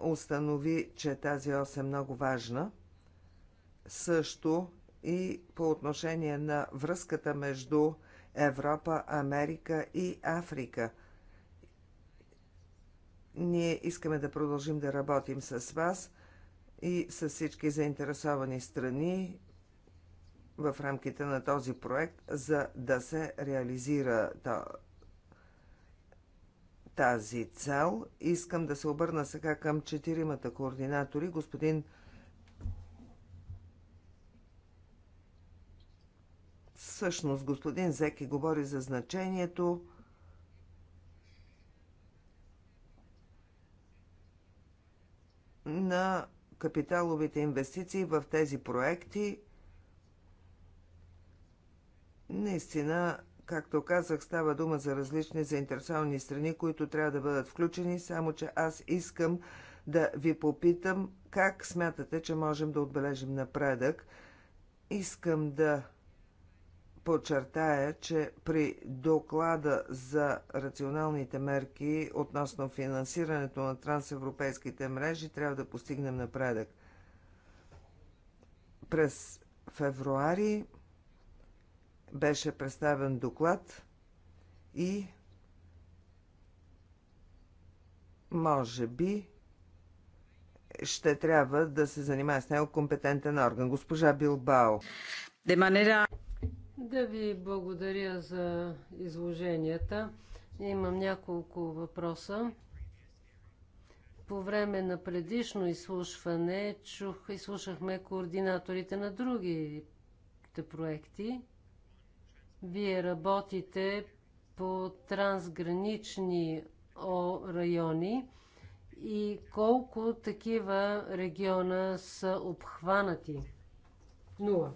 установи, че тази ос е много важна. Също и по отношение на връзката между Европа, Америка и Африка. Ние искаме да продължим да работим с вас и с всички заинтересовани страни в рамките на този проект, за да се реализира тази цел. Искам да се обърна сега към четиримата координатори. Господин Всъщност, господин Зеки говори за значението на капиталовите инвестиции в тези проекти. Наистина Както казах, става дума за различни заинтересовани страни, които трябва да бъдат включени, само че аз искам да ви попитам как смятате, че можем да отбележим напредък. Искам да подчертая, че при доклада за рационалните мерки относно финансирането на трансевропейските мрежи трябва да постигнем напредък. През февруари беше представен доклад и може би ще трябва да се занимава с него компетентен орган. Госпожа Билбао. De manera... Да ви благодаря за изложенията. Имам няколко въпроса. По време на предишно изслушване чух, изслушахме координаторите на другите проекти. Вие работите по трансгранични райони и колко такива региона са обхванати? Нула.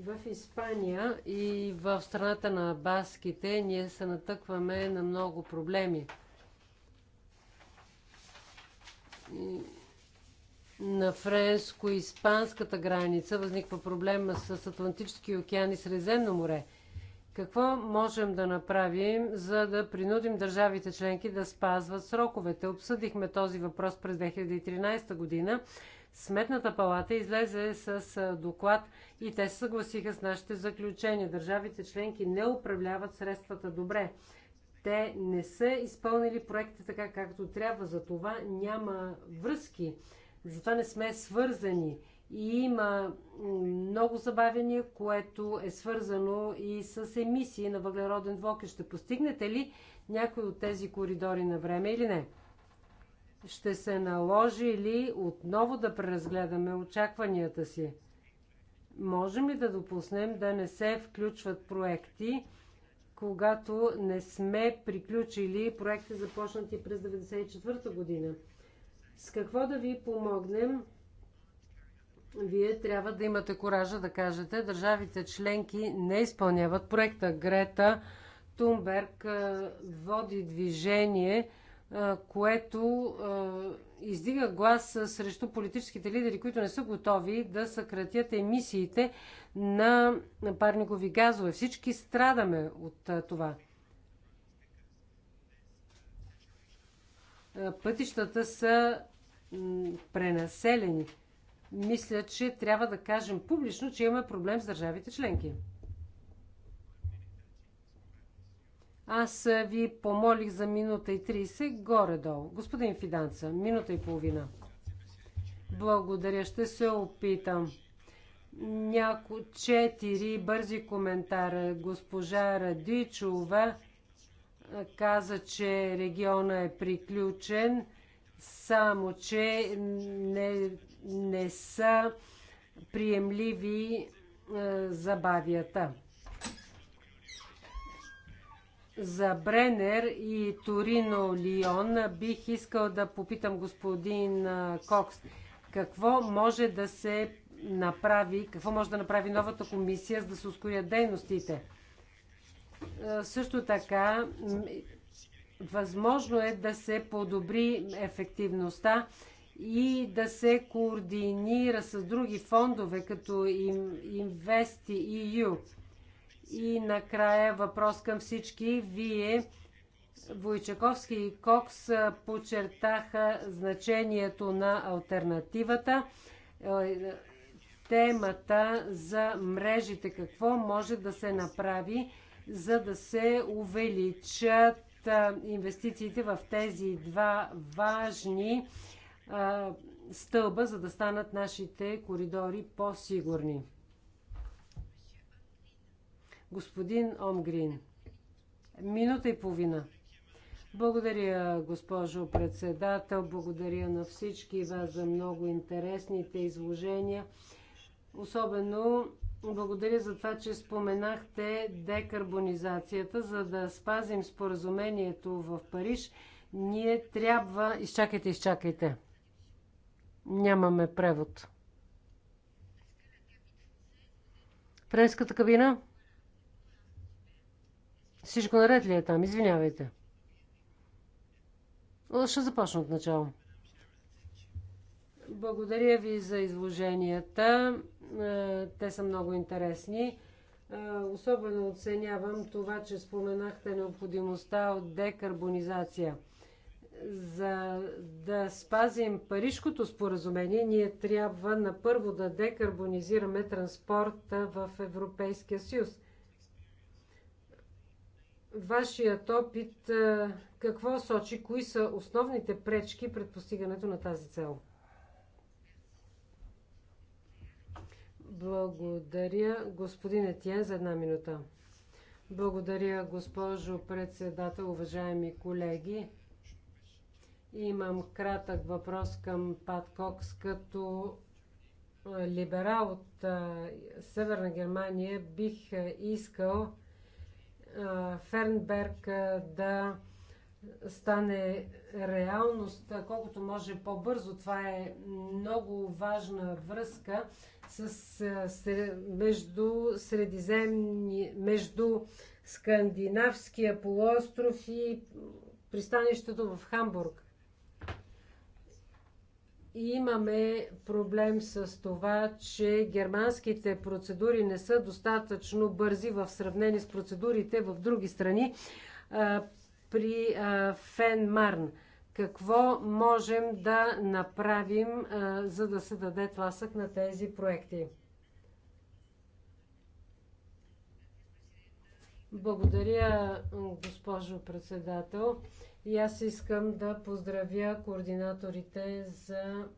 В Испания и в страната на баските ние се натъкваме на много проблеми на френско-испанската граница възниква проблема с Атлантически океан и Средиземно море. Какво можем да направим, за да принудим държавите членки да спазват сроковете? Обсъдихме този въпрос през 2013 година. Сметната палата излезе с доклад и те се съгласиха с нашите заключения. Държавите членки не управляват средствата добре. Те не са изпълнили проекти така, както трябва. За това няма връзки затова не сме свързани. И има много забавяния, което е свързано и с емисии на въглероден двокис. Ще постигнете ли някой от тези коридори на време или не? Ще се наложи ли отново да преразгледаме очакванията си? Можем ли да допуснем да не се включват проекти, когато не сме приключили проекти започнати през 1994 година? С какво да ви помогнем? Вие трябва да имате коража да кажете, държавите членки не изпълняват проекта. Грета Тунберг води движение, което издига глас срещу политическите лидери, които не са готови да съкратят емисиите на парникови газове. Всички страдаме от това. пътищата са пренаселени. Мисля, че трябва да кажем публично, че имаме проблем с държавите членки. Аз ви помолих за минута и 30 горе-долу. Господин Фиданца, минута и половина. Благодаря, ще се опитам. Няко четири бързи коментара. Госпожа Радичова каза, че региона е приключен, само че не, не са приемливи е, забавията. За Бренер и Торино Лион бих искал да попитам господин е, Кокс какво може да се направи, какво може да направи новата комисия, за да се ускорят дейностите. Също така, възможно е да се подобри ефективността и да се координира с други фондове, като EU. И накрая въпрос към всички. Вие, Войчаковски и Кокс, подчертаха значението на альтернативата, е, темата за мрежите, какво може да се направи за да се увеличат инвестициите в тези два важни стълба, за да станат нашите коридори по-сигурни. Господин Омгрин, минута и половина. Благодаря, госпожо председател. Благодаря на всички вас за много интересните изложения. Особено благодаря за това, че споменахте декарбонизацията. За да спазим споразумението в Париж, ние трябва... Изчакайте, изчакайте. Нямаме превод. Френската кабина? Всичко наред ли е там? Извинявайте. Ще започна от начало. Благодаря ви за изложенията. Е, те са много интересни. Е, особено оценявам това, че споменахте необходимостта от декарбонизация. За да спазим Парижкото споразумение, ние трябва на първо да декарбонизираме транспорта в Европейския съюз. Вашият опит е, какво сочи, кои са основните пречки пред постигането на тази цел? Благодаря, господин Етиен, за една минута. Благодаря, госпожо председател, уважаеми колеги. Имам кратък въпрос към Пат Кокс. Като либерал от Северна Германия бих искал Фернберг да стане реалност колкото може по-бързо. Това е много важна връзка с, с, между, средиземни, между Скандинавския полуостров и пристанището в Хамбург. И имаме проблем с това, че германските процедури не са достатъчно бързи в сравнение с процедурите в други страни а, при а, Фен Марн какво можем да направим, за да се даде тласък на тези проекти. Благодаря, госпожо председател. И аз искам да поздравя координаторите за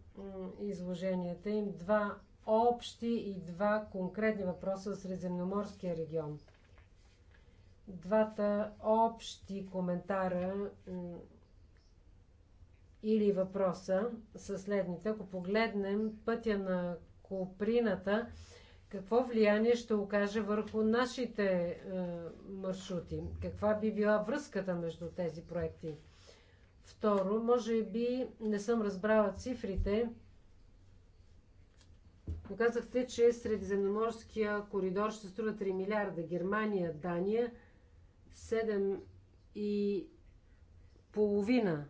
изложенията им. Два общи и два конкретни въпроса с Средземноморския регион. Двата общи коментара или въпроса са следните. Ако погледнем пътя на Коприната, какво влияние ще окаже върху нашите е, маршрути? Каква би била връзката между тези проекти? Второ, може би не съм разбрала цифрите, Показахте, че Средиземноморския коридор ще струва 3 милиарда. Германия, Дания 7 и половина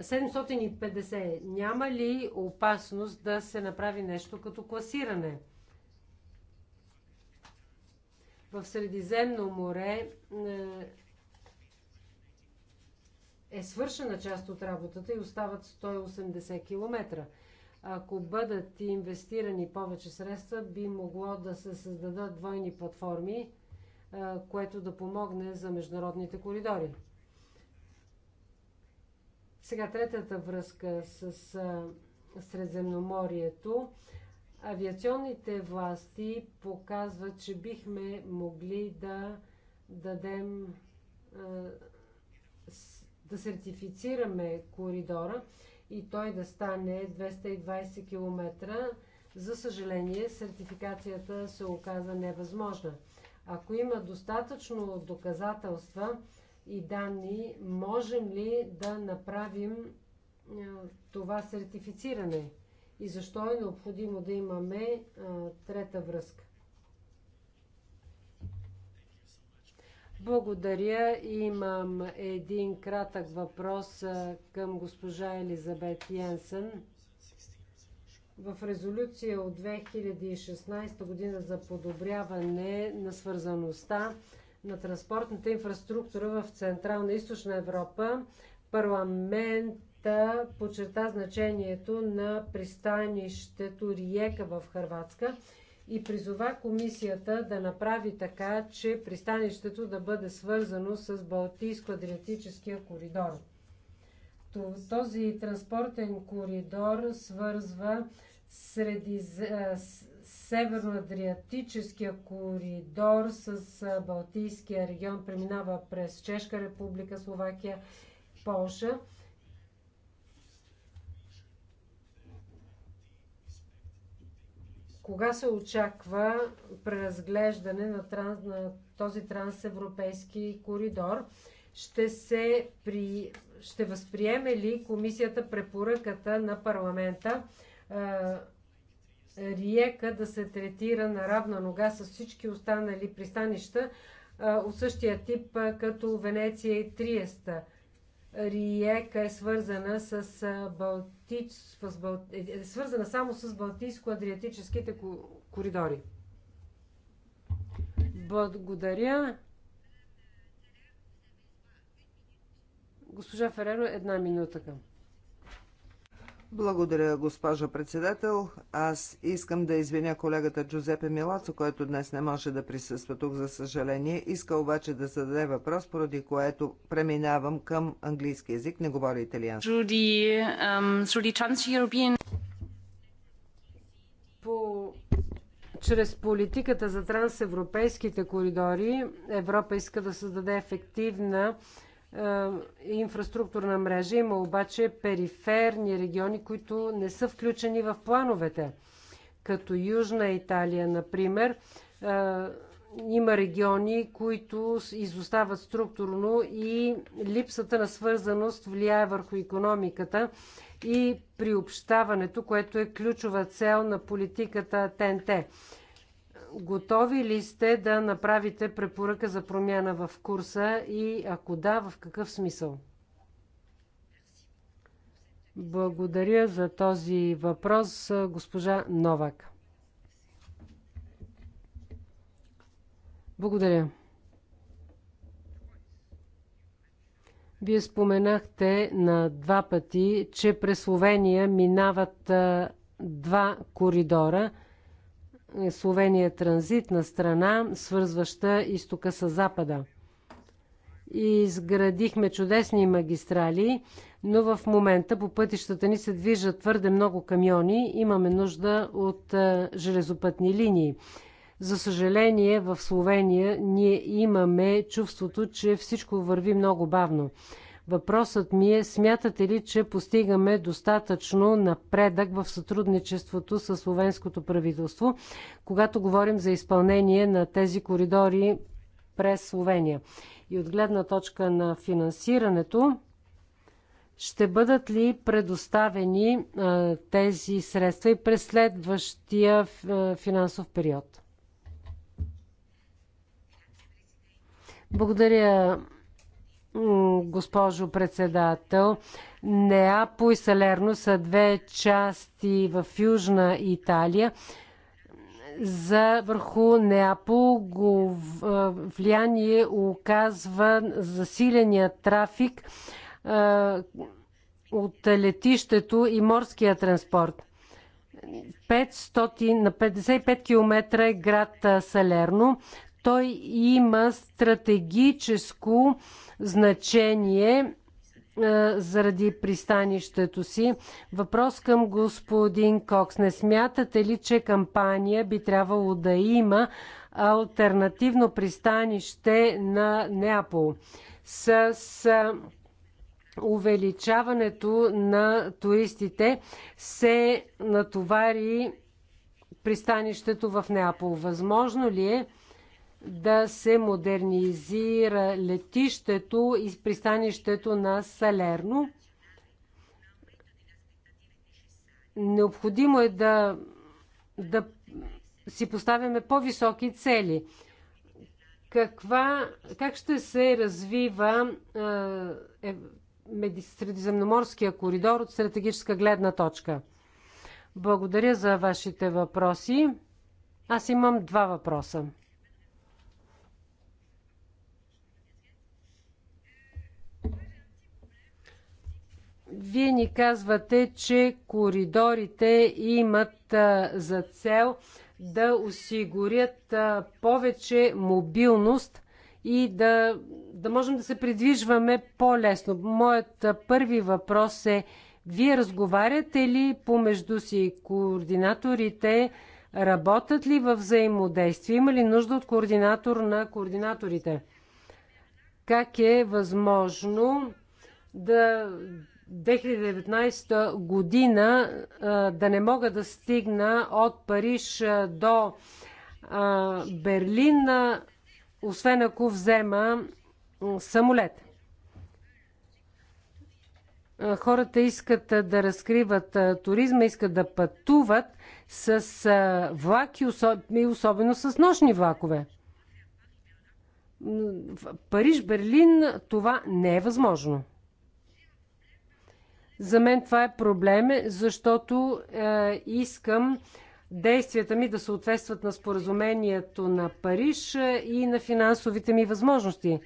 750. Няма ли опасност да се направи нещо като класиране? В Средиземно море е, е свършена част от работата и остават 180 км. Ако бъдат инвестирани повече средства, би могло да се създадат двойни платформи, което да помогне за международните коридори. Сега третата връзка с Средземноморието. Авиационните власти показват, че бихме могли да дадем да сертифицираме коридора и той да стане 220 км. За съжаление, сертификацията се оказа невъзможна. Ако има достатъчно доказателства, и данни, можем ли да направим е, това сертифициране и защо е необходимо да имаме е, трета връзка. Благодаря. Имам един кратък въпрос е, към госпожа Елизабет Янсън. В резолюция от 2016 година за подобряване на свързаността на транспортната инфраструктура в Централна и Източна Европа, парламента подчерта значението на пристанището Риека в Харватска и призова комисията да направи така, че пристанището да бъде свързано с Балтийско-Адриатическия коридор. Този транспортен коридор свързва среди, Северно-Адриатическия коридор с Балтийския регион преминава през Чешка република, Словакия, Полша. Кога се очаква преразглеждане на, транс, на този трансевропейски коридор? Ще, се при, ще възприеме ли комисията препоръката на парламента? Риека да се третира на равна нога с всички останали пристанища от същия тип като Венеция и Триеста. Риека е свързана, с Балтич... с Бал... Е, е свързана само с Балтийско-Адриатическите коридори. Благодаря. Госпожа Фереро, една минута към. Благодаря, госпожа председател. Аз искам да извиня колегата Джузепе Милацо, който днес не може да присъства тук, за съжаление. Иска обаче да зададе въпрос, поради което преминавам към английски язик, не говоря италиански. Um, По... Чрез политиката за трансевропейските коридори Европа иска да създаде ефективна е, инфраструктурна мрежа. Има обаче периферни региони, които не са включени в плановете. Като Южна Италия, например, е, има региони, които изостават структурно и липсата на свързаност влияе върху економиката и приобщаването, което е ключова цел на политиката ТНТ готови ли сте да направите препоръка за промяна в курса и ако да, в какъв смисъл? Благодаря за този въпрос, госпожа Новак. Благодаря. Вие споменахте на два пъти, че през Словения минават два коридора – е Словения е транзитна страна, свързваща изтока с запада. Изградихме чудесни магистрали, но в момента по пътищата ни се движат твърде много камиони. Имаме нужда от е, железопътни линии. За съжаление, в Словения ние имаме чувството, че всичко върви много бавно. Въпросът ми е, смятате ли, че постигаме достатъчно напредък в сътрудничеството с словенското правителство, когато говорим за изпълнение на тези коридори през Словения? И от гледна точка на финансирането, ще бъдат ли предоставени а, тези средства и през следващия финансов период? Благодаря, госпожо председател. Неапо и Салерно са две части в Южна Италия. За върху Неапо го влияние оказва засиления трафик от летището и морския транспорт. 500, на 55 км е град Салерно той има стратегическо значение е, заради пристанището си. Въпрос към господин Кокс. Не смятате ли, че кампания би трябвало да има альтернативно пристанище на Неапол с увеличаването на туристите се натовари пристанището в Неапол. Възможно ли е да се модернизира летището и пристанището на Салерно. Необходимо е да, да си поставяме по-високи цели. Каква, как ще се развива е, е, Средиземноморския коридор от стратегическа гледна точка? Благодаря за вашите въпроси. Аз имам два въпроса. Вие ни казвате, че коридорите имат за цел да осигурят повече мобилност и да, да можем да се придвижваме по-лесно. Моят първи въпрос е, вие разговаряте ли помежду си координаторите? Работят ли във взаимодействие? Има ли нужда от координатор на координаторите? Как е възможно да 2019 година да не мога да стигна от Париж до Берлин, освен ако взема самолет. Хората искат да разкриват туризма, искат да пътуват с влаки и особено с нощни влакове. Париж-Берлин това не е възможно. За мен това е проблем, защото е, искам действията ми да съответстват на споразумението на Париж е, и на финансовите ми възможности.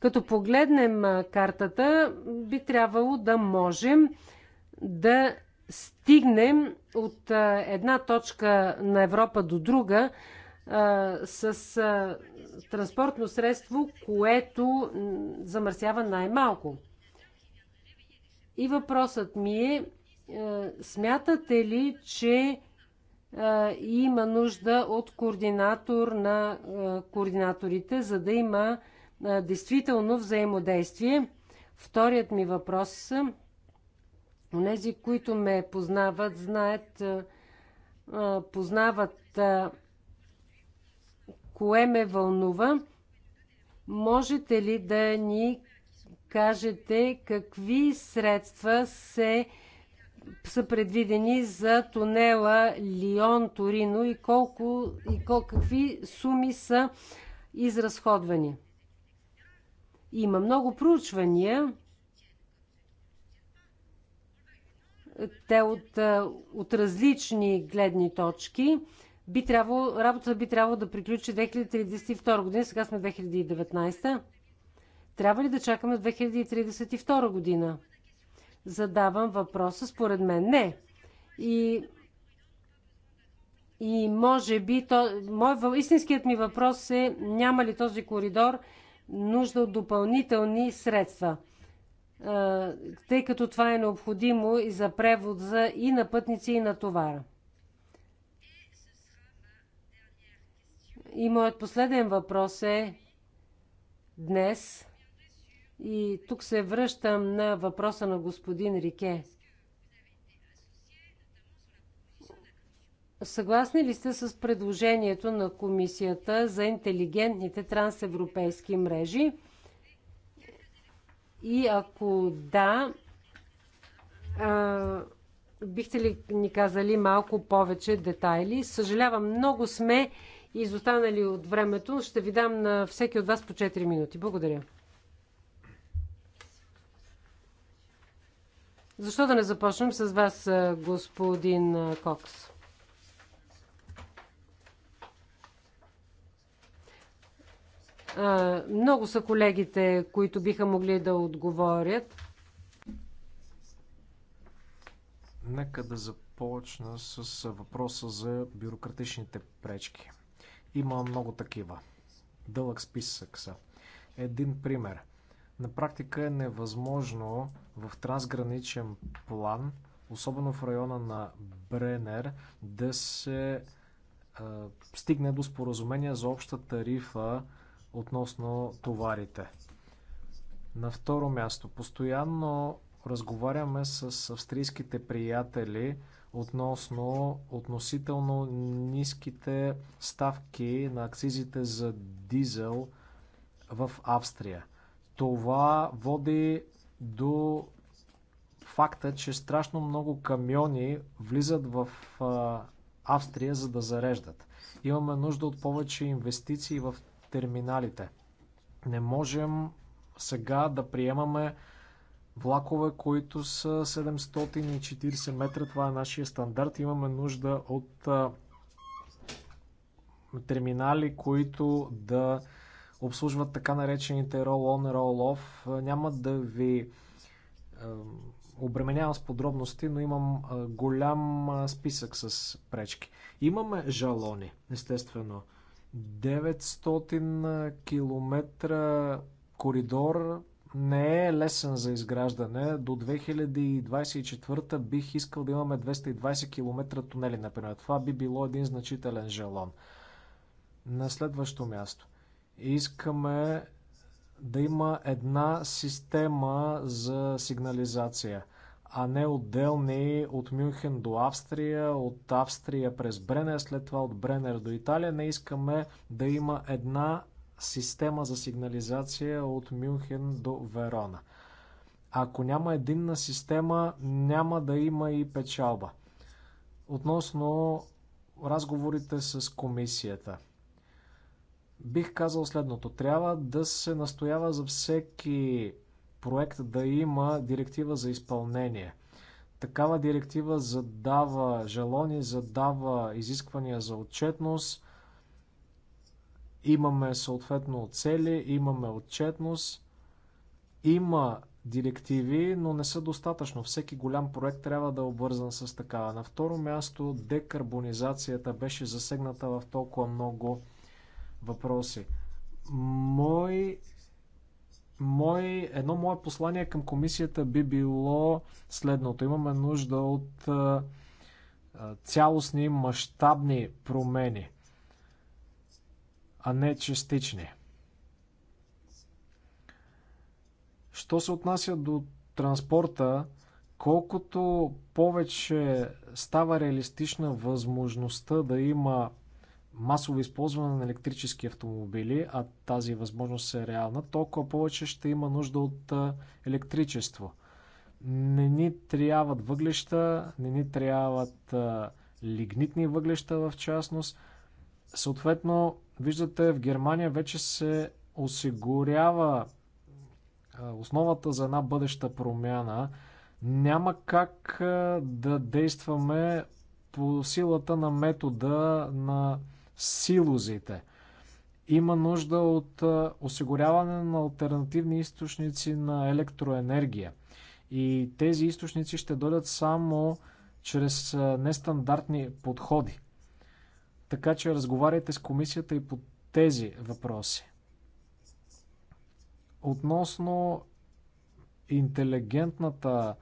Като погледнем е, картата, би трябвало да можем да стигнем от е, една точка на Европа до друга а, с а, транспортно средство, което замърсява най-малко. И въпросът ми е, е смятате ли, че е, има нужда от координатор на е, координаторите, за да има действително взаимодействие? Вторият ми въпрос е, Онези, които ме познават, знаят, познават кое ме вълнува. Можете ли да ни кажете какви средства се, са предвидени за тунела Лион-Торино и, колко, и кол, какви суми са изразходвани. Има много проучвания. Те от, е, от различни гледни точки. Би трябвало, работата би трябвало да приключи 2032 година, сега сме 2019. Трябва ли да чакаме 2032 година? Задавам въпроса според мен. Не. И, и може би, то, мой, истинският ми въпрос е, няма ли този коридор нужда от допълнителни средства? тъй като това е необходимо и за превод за и на пътници, и на товара. И моят последен въпрос е днес и тук се връщам на въпроса на господин Рике. Съгласни ли сте с предложението на Комисията за интелигентните трансевропейски мрежи? И ако да, а, бихте ли ни казали малко повече детайли? Съжалявам, много сме изостанали от времето. Ще ви дам на всеки от вас по 4 минути. Благодаря. Защо да не започнем с вас, господин Кокс? Много са колегите, които биха могли да отговорят. Нека да започна с въпроса за бюрократичните пречки. Има много такива. Дълъг списък са. Един пример на практика е невъзможно в трансграничен план, особено в района на Бренер, да се стигне до споразумение за обща тарифа относно товарите. На второ място, постоянно разговаряме с австрийските приятели относно относително ниските ставки на акцизите за дизел в Австрия. Това води до факта, че страшно много камиони влизат в Австрия, за да зареждат. Имаме нужда от повече инвестиции в терминалите. Не можем сега да приемаме влакове, които са 740 метра. Това е нашия стандарт. Имаме нужда от терминали, които да обслужват така наречените roll-on, roll-off. Е, няма да ви обременявам с подробности, но имам голям списък с пречки. Имаме жалони, естествено. 900 км коридор не е лесен за изграждане. До 2024 бих искал да имаме 220 км тунели, например. Това би било един значителен жалон. На следващо място. Искаме да има една система за сигнализация, а не отделни от Мюнхен до Австрия, от Австрия през Бренер, след това от Бренер до Италия. Не искаме да има една система за сигнализация от Мюнхен до Верона. Ако няма единна система, няма да има и печалба. Относно разговорите с комисията – Бих казал следното. Трябва да се настоява за всеки проект да има директива за изпълнение. Такава директива задава жалони, задава изисквания за отчетност. Имаме съответно цели, имаме отчетност. Има директиви, но не са достатъчно. Всеки голям проект трябва да е обвързан с такава. На второ място, декарбонизацията беше засегната в толкова много въпроси. Мой, мой, едно мое послание към комисията би било следното. Имаме нужда от а, цялостни, мащабни промени, а не частични. Що се отнася до транспорта, колкото повече става реалистична възможността да има масово използване на електрически автомобили, а тази възможност е реална, толкова повече ще има нужда от електричество. Не ни трябват въглища, не ни трябват лигнитни въглища в частност. Съответно, виждате, в Германия вече се осигурява основата за една бъдеща промяна. Няма как да действаме по силата на метода на силозите. Има нужда от осигуряване на альтернативни източници на електроенергия. И тези източници ще дойдат само чрез нестандартни подходи. Така че разговаряйте с комисията и по тези въпроси. Относно интелигентната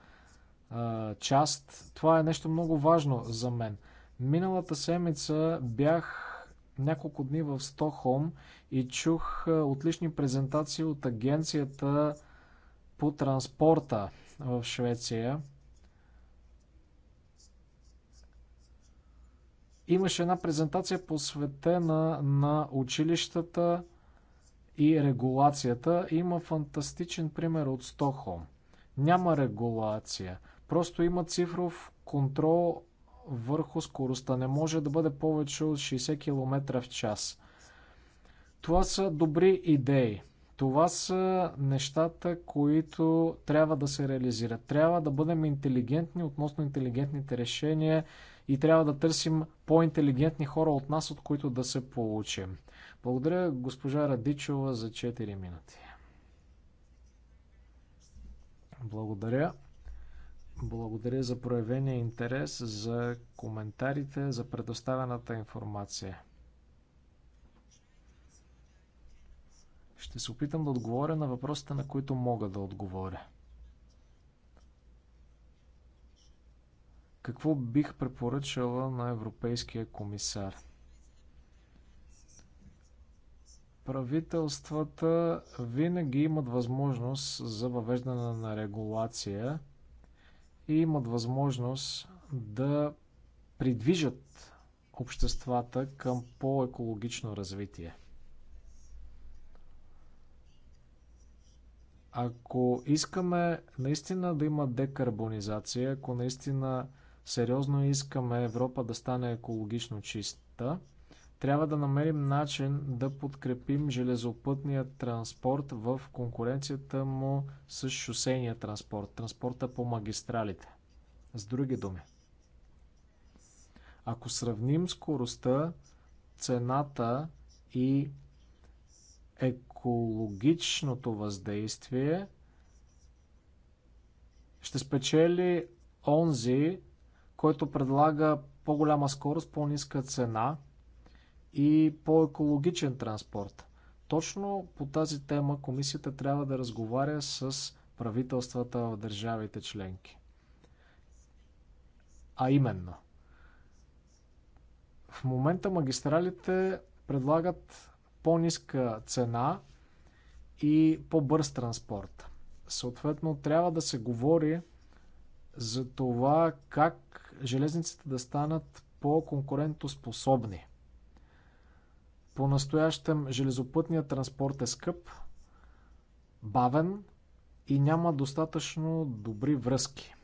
а, част, това е нещо много важно за мен. Миналата седмица бях няколко дни в Стохолм и чух отлични презентации от агенцията по транспорта в Швеция. Имаше една презентация посветена на училищата и регулацията. Има фантастичен пример от Стохолм. Няма регулация. Просто има цифров контрол върху скоростта. Не може да бъде повече от 60 км в час. Това са добри идеи. Това са нещата, които трябва да се реализират. Трябва да бъдем интелигентни относно интелигентните решения и трябва да търсим по-интелигентни хора от нас, от които да се получим. Благодаря госпожа Радичова за 4 минути. Благодаря. Благодаря за проявения интерес, за коментарите, за предоставената информация. Ще се опитам да отговоря на въпросите, на които мога да отговоря. Какво бих препоръчала на Европейския комисар? Правителствата винаги имат възможност за въвеждане на регулация – и имат възможност да придвижат обществата към по-екологично развитие. Ако искаме наистина да има декарбонизация, ако наистина сериозно искаме Европа да стане екологично чиста, трябва да намерим начин да подкрепим железопътния транспорт в конкуренцията му с шосейния транспорт, транспорта по магистралите. С други думи, ако сравним скоростта, цената и екологичното въздействие, ще спечели онзи, който предлага по-голяма скорост, по-ниска цена – и по-екологичен транспорт. Точно по тази тема комисията трябва да разговаря с правителствата в държавите членки. А именно, в момента магистралите предлагат по-ниска цена и по-бърз транспорт. Съответно, трябва да се говори за това как железниците да станат по-конкурентоспособни. По-настоящем железопътният транспорт е скъп, бавен и няма достатъчно добри връзки.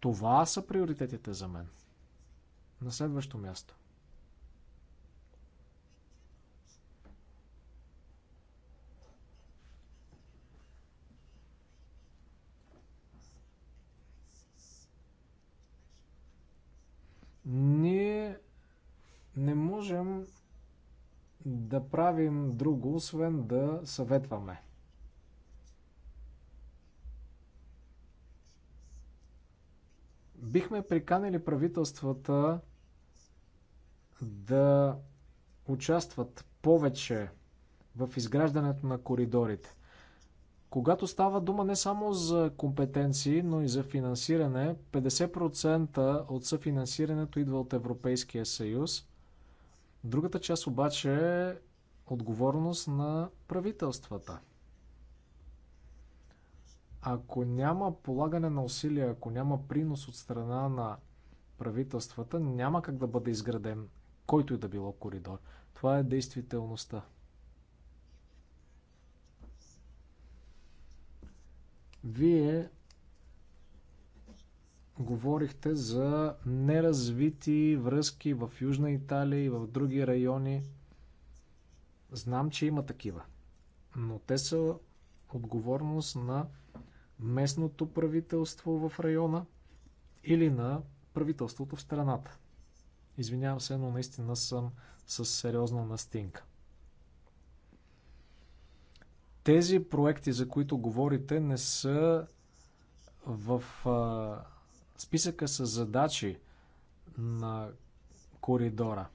Това са приоритетите за мен. На следващо място. Не можем да правим друго, освен да съветваме. Бихме приканили правителствата да участват повече в изграждането на коридорите. Когато става дума не само за компетенции, но и за финансиране, 50% от съфинансирането идва от Европейския съюз – Другата част обаче е отговорност на правителствата. Ако няма полагане на усилия, ако няма принос от страна на правителствата, няма как да бъде изграден който и да било коридор. Това е действителността. Вие говорихте за неразвити връзки в Южна Италия и в други райони. Знам, че има такива, но те са отговорност на местното правителство в района или на правителството в страната. Извинявам се, но наистина съм с сериозна настинка. Тези проекти, за които говорите, не са в а, списъка с задачи на коридора.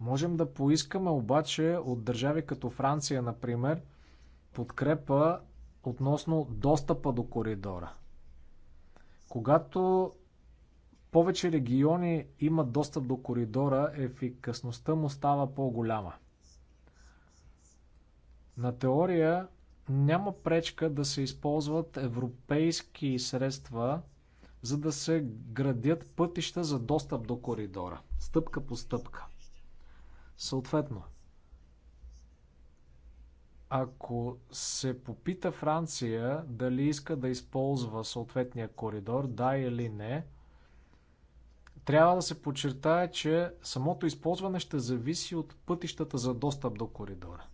Можем да поискаме обаче от държави като Франция, например, подкрепа относно достъпа до коридора. Когато повече региони имат достъп до коридора, ефикасността му става по-голяма. На теория няма пречка да се използват европейски средства, за да се градят пътища за достъп до коридора. Стъпка по стъпка. Съответно, ако се попита Франция дали иска да използва съответния коридор, да или не, трябва да се подчертае, че самото използване ще зависи от пътищата за достъп до коридора.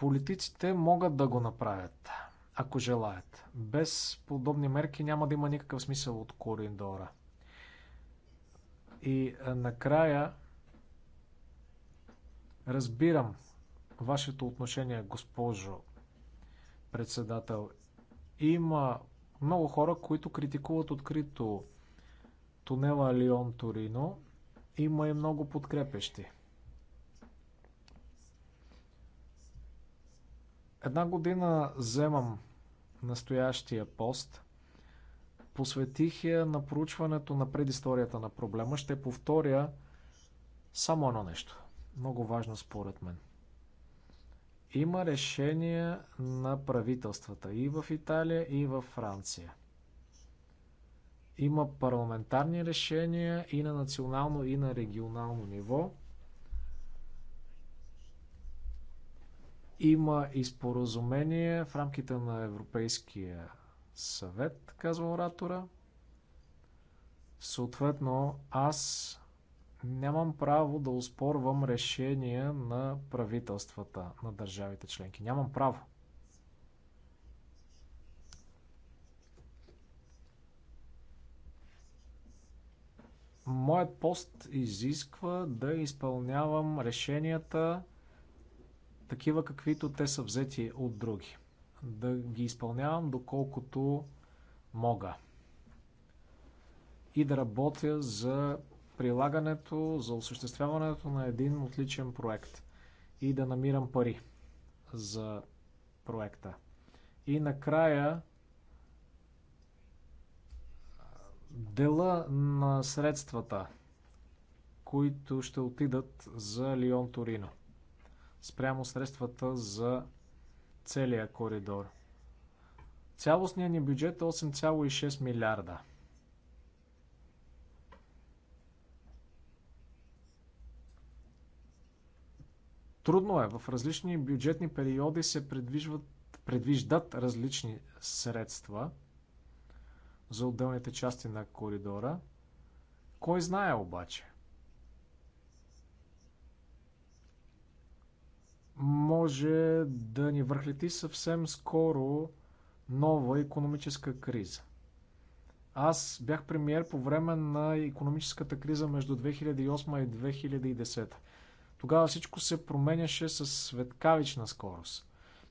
Политиците могат да го направят, ако желаят. Без подобни мерки няма да има никакъв смисъл от коридора. И е, накрая разбирам вашето отношение, госпожо председател. Има много хора, които критикуват открито тунела Лион Торино. Има и много подкрепещи. Една година вземам настоящия пост. Посветих я на проучването на предисторията на проблема. Ще повторя само едно нещо. Много важно според мен. Има решения на правителствата и в Италия, и в Франция. Има парламентарни решения и на национално, и на регионално ниво. Има и споразумение в рамките на Европейския съвет, казва оратора. Съответно, аз нямам право да успорвам решения на правителствата на държавите членки. Нямам право. Моят пост изисква да изпълнявам решенията такива каквито те са взети от други. Да ги изпълнявам доколкото мога. И да работя за прилагането, за осъществяването на един отличен проект. И да намирам пари за проекта. И накрая дела на средствата, които ще отидат за Лион Торино спрямо средствата за целия коридор. Цялостният ни бюджет е 8,6 милиарда. Трудно е. В различни бюджетни периоди се предвиждат различни средства за отделните части на коридора. Кой знае обаче? може да ни върхлети съвсем скоро нова економическа криза. Аз бях премиер по време на економическата криза между 2008 и 2010. Тогава всичко се променяше с светкавична скорост.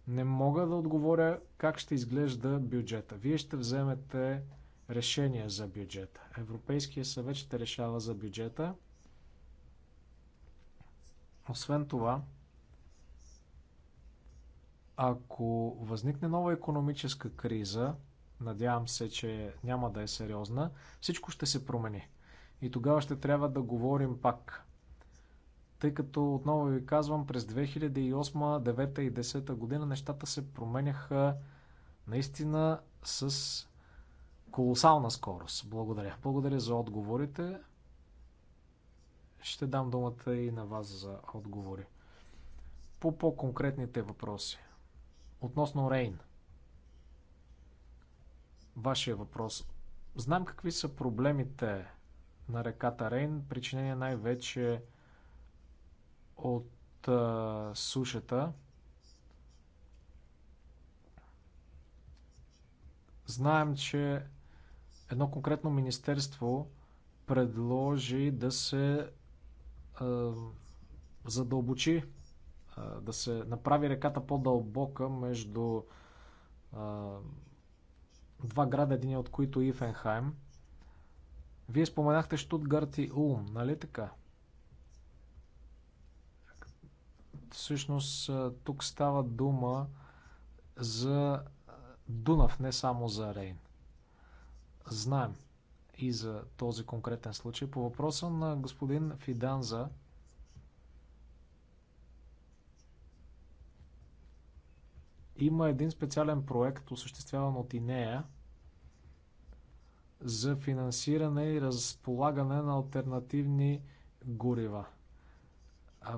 Не мога да отговоря как ще изглежда бюджета. Вие ще вземете решение за бюджета. Европейския съвет ще решава за бюджета. Освен това, ако възникне нова економическа криза, надявам се, че няма да е сериозна, всичко ще се промени. И тогава ще трябва да говорим пак. Тъй като, отново ви казвам, през 2008, 2009 и 2010 година нещата се променяха наистина с колосална скорост. Благодаря. Благодаря за отговорите. Ще дам думата и на вас за отговори. По по-конкретните въпроси. Относно Рейн. Вашия въпрос. Знам какви са проблемите на реката Рейн, причинени най-вече от а, сушата. Знаем, че едно конкретно министерство предложи да се а, задълбочи да се направи реката по-дълбока между два града, един от които е Ифенхайм. Вие споменахте Штутгарт и Улм, нали така? Всъщност тук става дума за Дунав, не само за Рейн. Знаем и за този конкретен случай. По въпроса на господин Фиданза, Има един специален проект, осъществяван от Инея, за финансиране и разполагане на альтернативни горива.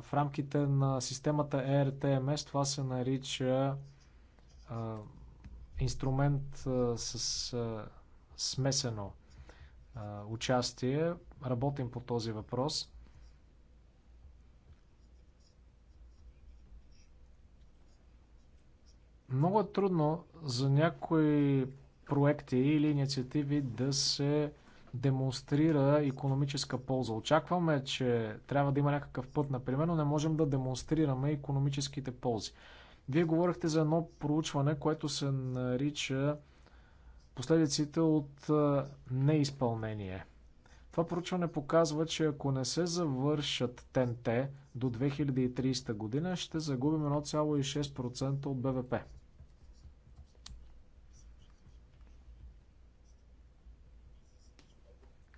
В рамките на системата ERTMS това се нарича а, инструмент а, с а, смесено участие. Работим по този въпрос. Много е трудно за някои проекти или инициативи да се демонстрира економическа полза. Очакваме, че трябва да има някакъв път, например, но не можем да демонстрираме економическите ползи. Вие говорихте за едно проучване, което се нарича последиците от неизпълнение. Това проучване показва, че ако не се завършат ТНТ до 2030 година, ще загубим 1,6% от БВП.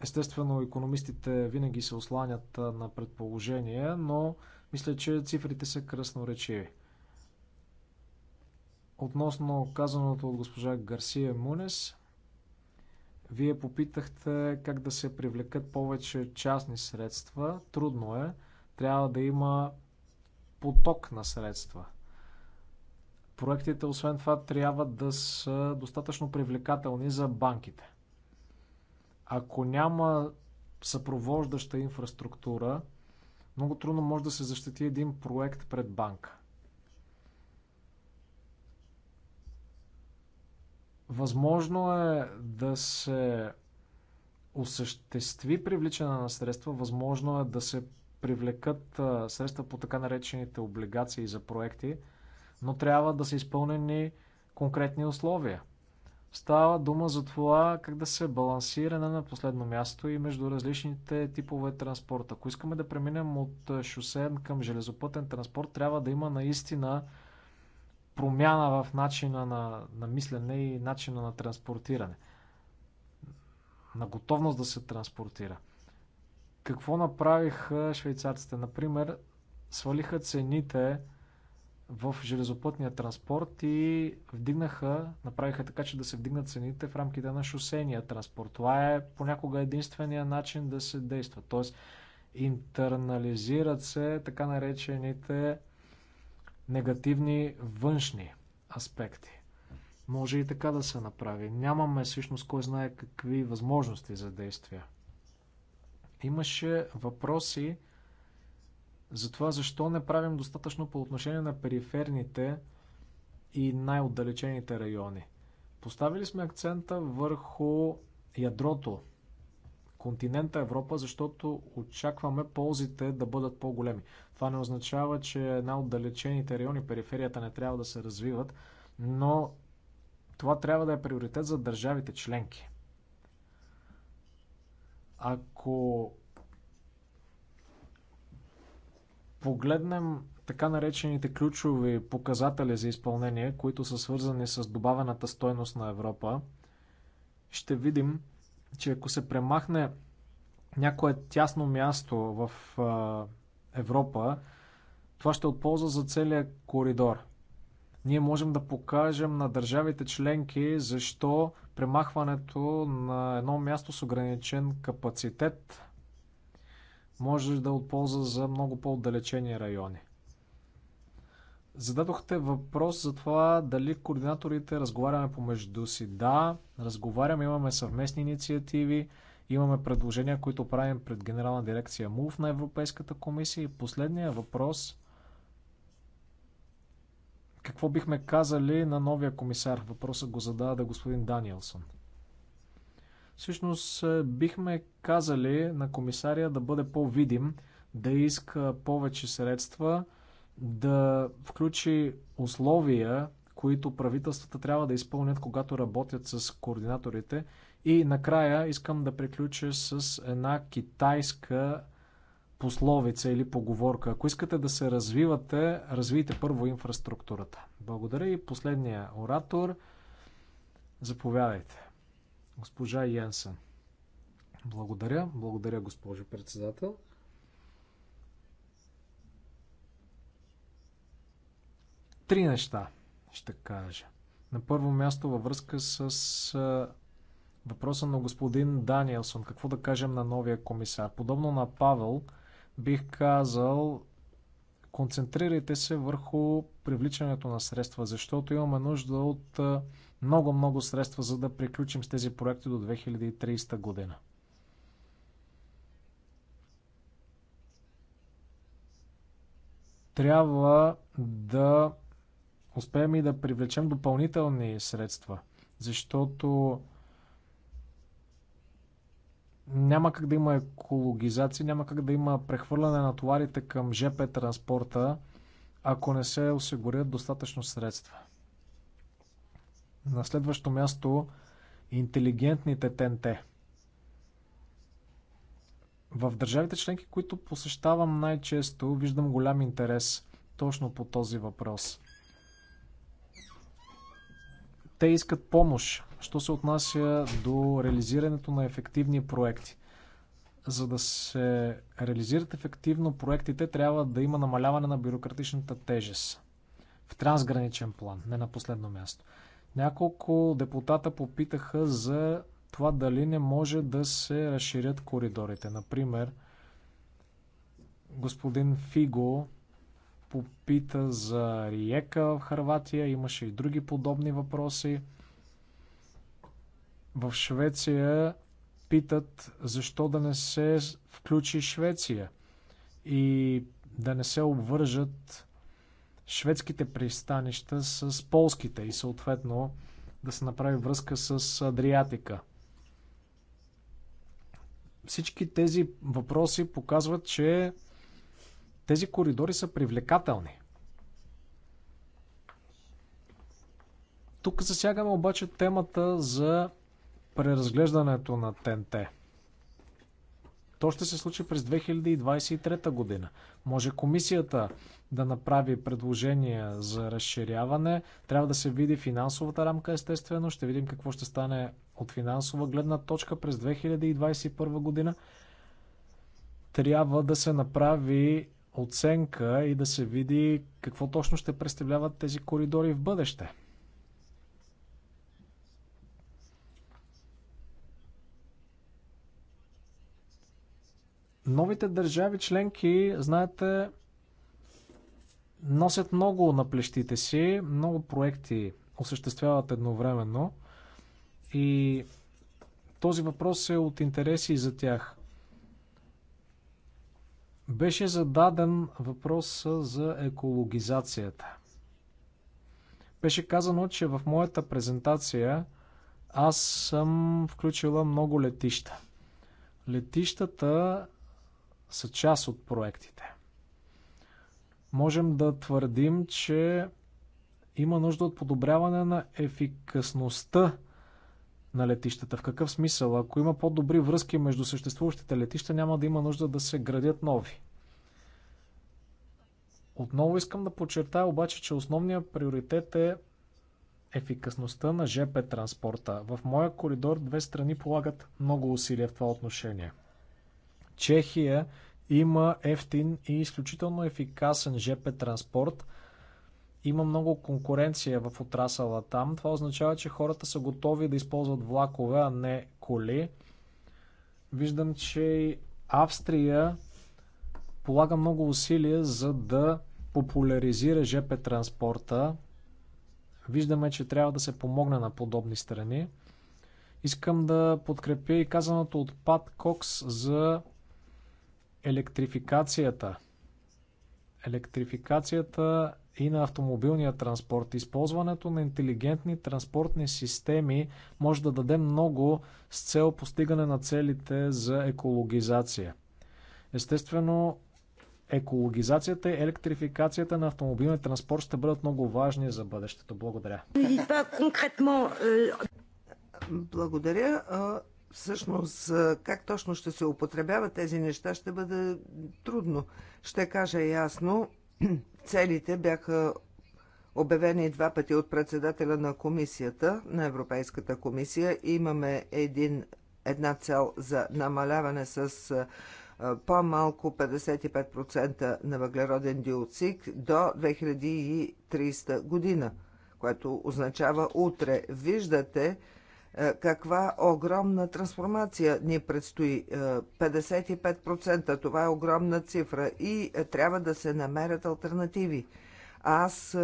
Естествено, економистите винаги се осланят на предположения, но мисля, че цифрите са кръсноречиви. Относно казаното от госпожа Гарсия Мунес, вие попитахте как да се привлекат повече частни средства. Трудно е. Трябва да има поток на средства. Проектите, освен това, трябва да са достатъчно привлекателни за банките. Ако няма съпровождаща инфраструктура, много трудно може да се защити един проект пред банка. Възможно е да се осъществи привличане на средства, възможно е да се привлекат средства по така наречените облигации за проекти, но трябва да са изпълнени конкретни условия – Става дума за това как да се балансира на последно място и между различните типове транспорт. Ако искаме да преминем от е, шосеен към железопътен транспорт, трябва да има наистина промяна в начина на, на мислене и начина на транспортиране. На готовност да се транспортира. Какво направиха швейцарците? Например, свалиха цените в железопътния транспорт и вдигнаха, направиха така, че да се вдигнат цените в рамките на шосения транспорт. Това е понякога единствения начин да се действа. Тоест, интернализират се така наречените негативни външни аспекти. Може и така да се направи. Нямаме всъщност кой знае какви възможности за действия. Имаше въпроси за това защо не правим достатъчно по отношение на периферните и най-отдалечените райони. Поставили сме акцента върху ядрото, континента Европа, защото очакваме ползите да бъдат по-големи. Това не означава, че най-отдалечените райони, периферията не трябва да се развиват, но това трябва да е приоритет за държавите членки. Ако погледнем така наречените ключови показатели за изпълнение, които са свързани с добавената стойност на Европа, ще видим, че ако се премахне някое тясно място в Европа, това ще е отползва за целия коридор. Ние можем да покажем на държавите членки защо премахването на едно място с ограничен капацитет може да отполза за много по-отдалечени райони. Зададохте въпрос за това дали координаторите разговаряме помежду си. Да, разговаряме, имаме съвместни инициативи, имаме предложения, които правим пред Генерална дирекция МУВ на Европейската комисия. И последния въпрос какво бихме казали на новия комисар? Въпросът го зададе господин Даниелсон. Всъщност е, бихме казали на комисария да бъде по-видим, да иска повече средства, да включи условия, които правителствата трябва да изпълнят, когато работят с координаторите. И накрая искам да приключа с една китайска пословица или поговорка. Ако искате да се развивате, развийте първо инфраструктурата. Благодаря и последния оратор. Заповядайте. Госпожа Янсен. Благодаря. Благодаря, госпожо председател. Три неща ще кажа. На първо място във връзка с въпроса на господин Даниелсон. Какво да кажем на новия комисар? Подобно на Павел, бих казал, концентрирайте се върху привличането на средства, защото имаме нужда от много, много средства, за да приключим с тези проекти до 2030 година. Трябва да успеем и да привлечем допълнителни средства, защото няма как да има екологизация, няма как да има прехвърляне на товарите към ЖП транспорта, ако не се осигурят достатъчно средства. На следващо място интелигентните ТНТ. В държавите членки, които посещавам най-често, виждам голям интерес точно по този въпрос. Те искат помощ, що се отнася до реализирането на ефективни проекти. За да се реализират ефективно проектите, трябва да има намаляване на бюрократичната тежест. В трансграничен план, не на последно място. Няколко депутата попитаха за това дали не може да се разширят коридорите. Например, господин Фиго попита за Риека в Харватия, имаше и други подобни въпроси. В Швеция питат защо да не се включи Швеция и да не се обвържат шведските пристанища с полските и съответно да се направи връзка с Адриатика. Всички тези въпроси показват, че тези коридори са привлекателни. Тук засягаме обаче темата за преразглеждането на ТНТ. То ще се случи през 2023 година. Може комисията да направи предложения за разширяване. Трябва да се види финансовата рамка, естествено. Ще видим какво ще стане от финансова гледна точка през 2021 година. Трябва да се направи оценка и да се види какво точно ще представляват тези коридори в бъдеще. Новите държави членки, знаете, носят много на плещите си, много проекти осъществяват едновременно и този въпрос е от интереси за тях. Беше зададен въпрос за екологизацията. Беше казано, че в моята презентация аз съм включила много летища. Летищата са част от проектите. Можем да твърдим, че има нужда от подобряване на ефикасността на летищата. В какъв смисъл? Ако има по-добри връзки между съществуващите летища, няма да има нужда да се градят нови. Отново искам да подчертая обаче, че основният приоритет е ефикасността на ЖП транспорта. В моя коридор две страни полагат много усилия в това отношение – Чехия има ефтин и изключително ефикасен ЖП транспорт. Има много конкуренция в отрасъла там. Това означава, че хората са готови да използват влакове, а не коли. Виждам, че Австрия полага много усилия за да популяризира ЖП транспорта. Виждаме, че трябва да се помогне на подобни страни. Искам да подкрепя и казаното от Пат Кокс за електрификацията. Електрификацията и на автомобилния транспорт. Използването на интелигентни транспортни системи може да даде много с цел постигане на целите за екологизация. Естествено, екологизацията и електрификацията на автомобилния транспорт ще бъдат много важни за бъдещето. Благодаря. Euh, Благодаря всъщност как точно ще се употребяват тези неща ще бъде трудно. Ще кажа ясно, целите бяха обявени два пъти от председателя на комисията, на Европейската комисия. Имаме един, една цел за намаляване с по-малко 55% на въглероден диоцик до 2030 година, което означава утре. Виждате, е, каква огромна трансформация ни предстои. 55% е, това е огромна цифра и е, трябва да се намерят альтернативи. Аз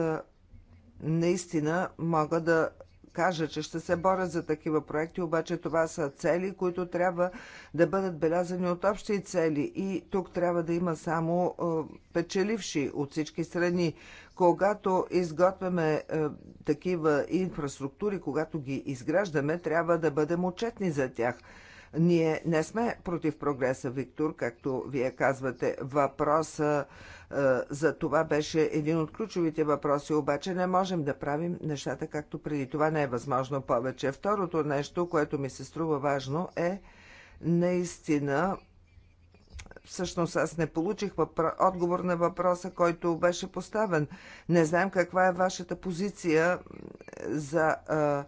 наистина мога да кажа, че ще се боря за такива проекти, обаче това са цели, които трябва да бъдат белязани от общи цели и тук трябва да има само е, печеливши от всички страни. Когато изготвяме е, такива инфраструктури, когато ги изграждаме, трябва да бъдем отчетни за тях – ние не сме против прогреса, Виктор, както вие казвате. Въпроса е, за това беше един от ключовите въпроси, обаче не можем да правим нещата както преди. Това не е възможно повече. Второто нещо, което ми се струва важно е наистина всъщност аз не получих въпро... отговор на въпроса, който беше поставен. Не знам каква е вашата позиция за Е,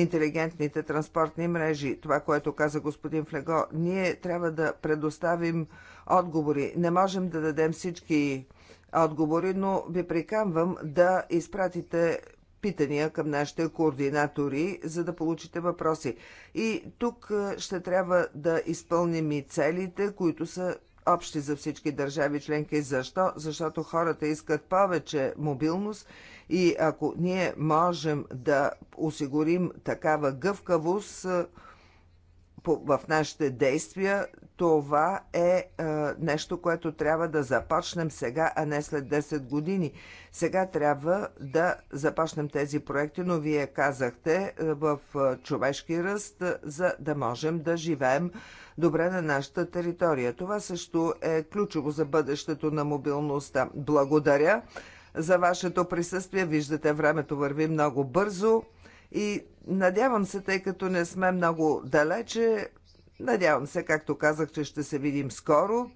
интелигентните транспортни мрежи. Това, което каза господин Флего, ние трябва да предоставим отговори. Не можем да дадем всички отговори, но ви приканвам да изпратите питания към нашите координатори, за да получите въпроси. И тук е, ще трябва да изпълним и целите, които са общи за всички държави членки. Защо? Защото хората искат повече мобилност и ако ние можем да осигурим такава гъвкавост в нашите действия, това е, нещо, което трябва да започнем сега, а не след 10 години. Сега трябва да започнем тези проекти, но вие казахте в човешки ръст, за да можем да живеем добре на нашата територия. Това също е ключово за бъдещето на мобилността. Благодаря за вашето присъствие. Виждате, времето върви много бързо и надявам се, тъй като не сме много далече, надявам се, както казах, че ще се видим скоро.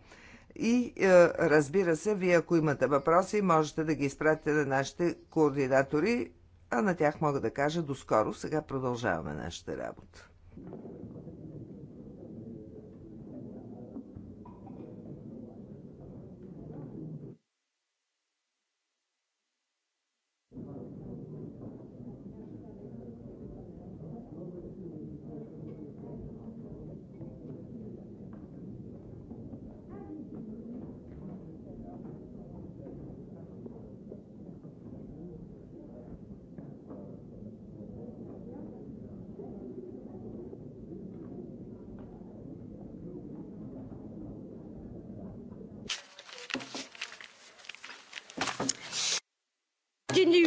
И е, разбира се, вие ако имате въпроси, можете да ги изпратите на нашите координатори, а на тях мога да кажа до скоро. Сега продължаваме нашата работа.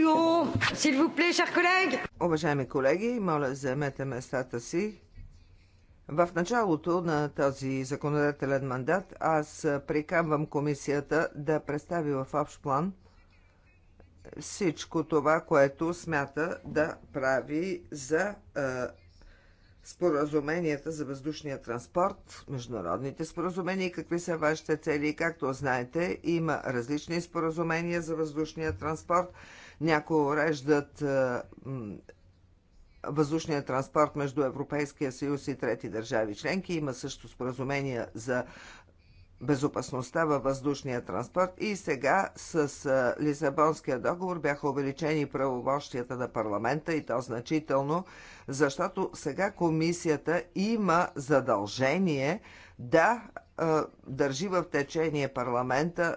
bureau, s'il vous plaît, chers collègues. Уважаеми колеги, моля заемете местата си. В началото на този законодателен мандат аз приканвам комисията да представи в общ план всичко това, което смята да прави за е, споразуменията за въздушния транспорт, международните споразумения и какви са вашите цели. Както знаете, има различни споразумения за въздушния транспорт. Някои уреждат е, въздушния транспорт между Европейския съюз и трети държави членки. Има също споразумения за безопасността във въздушния транспорт и сега с е, Лисабонския договор бяха увеличени правомощията на парламента и то значително, защото сега комисията има задължение да е, държи в течение парламента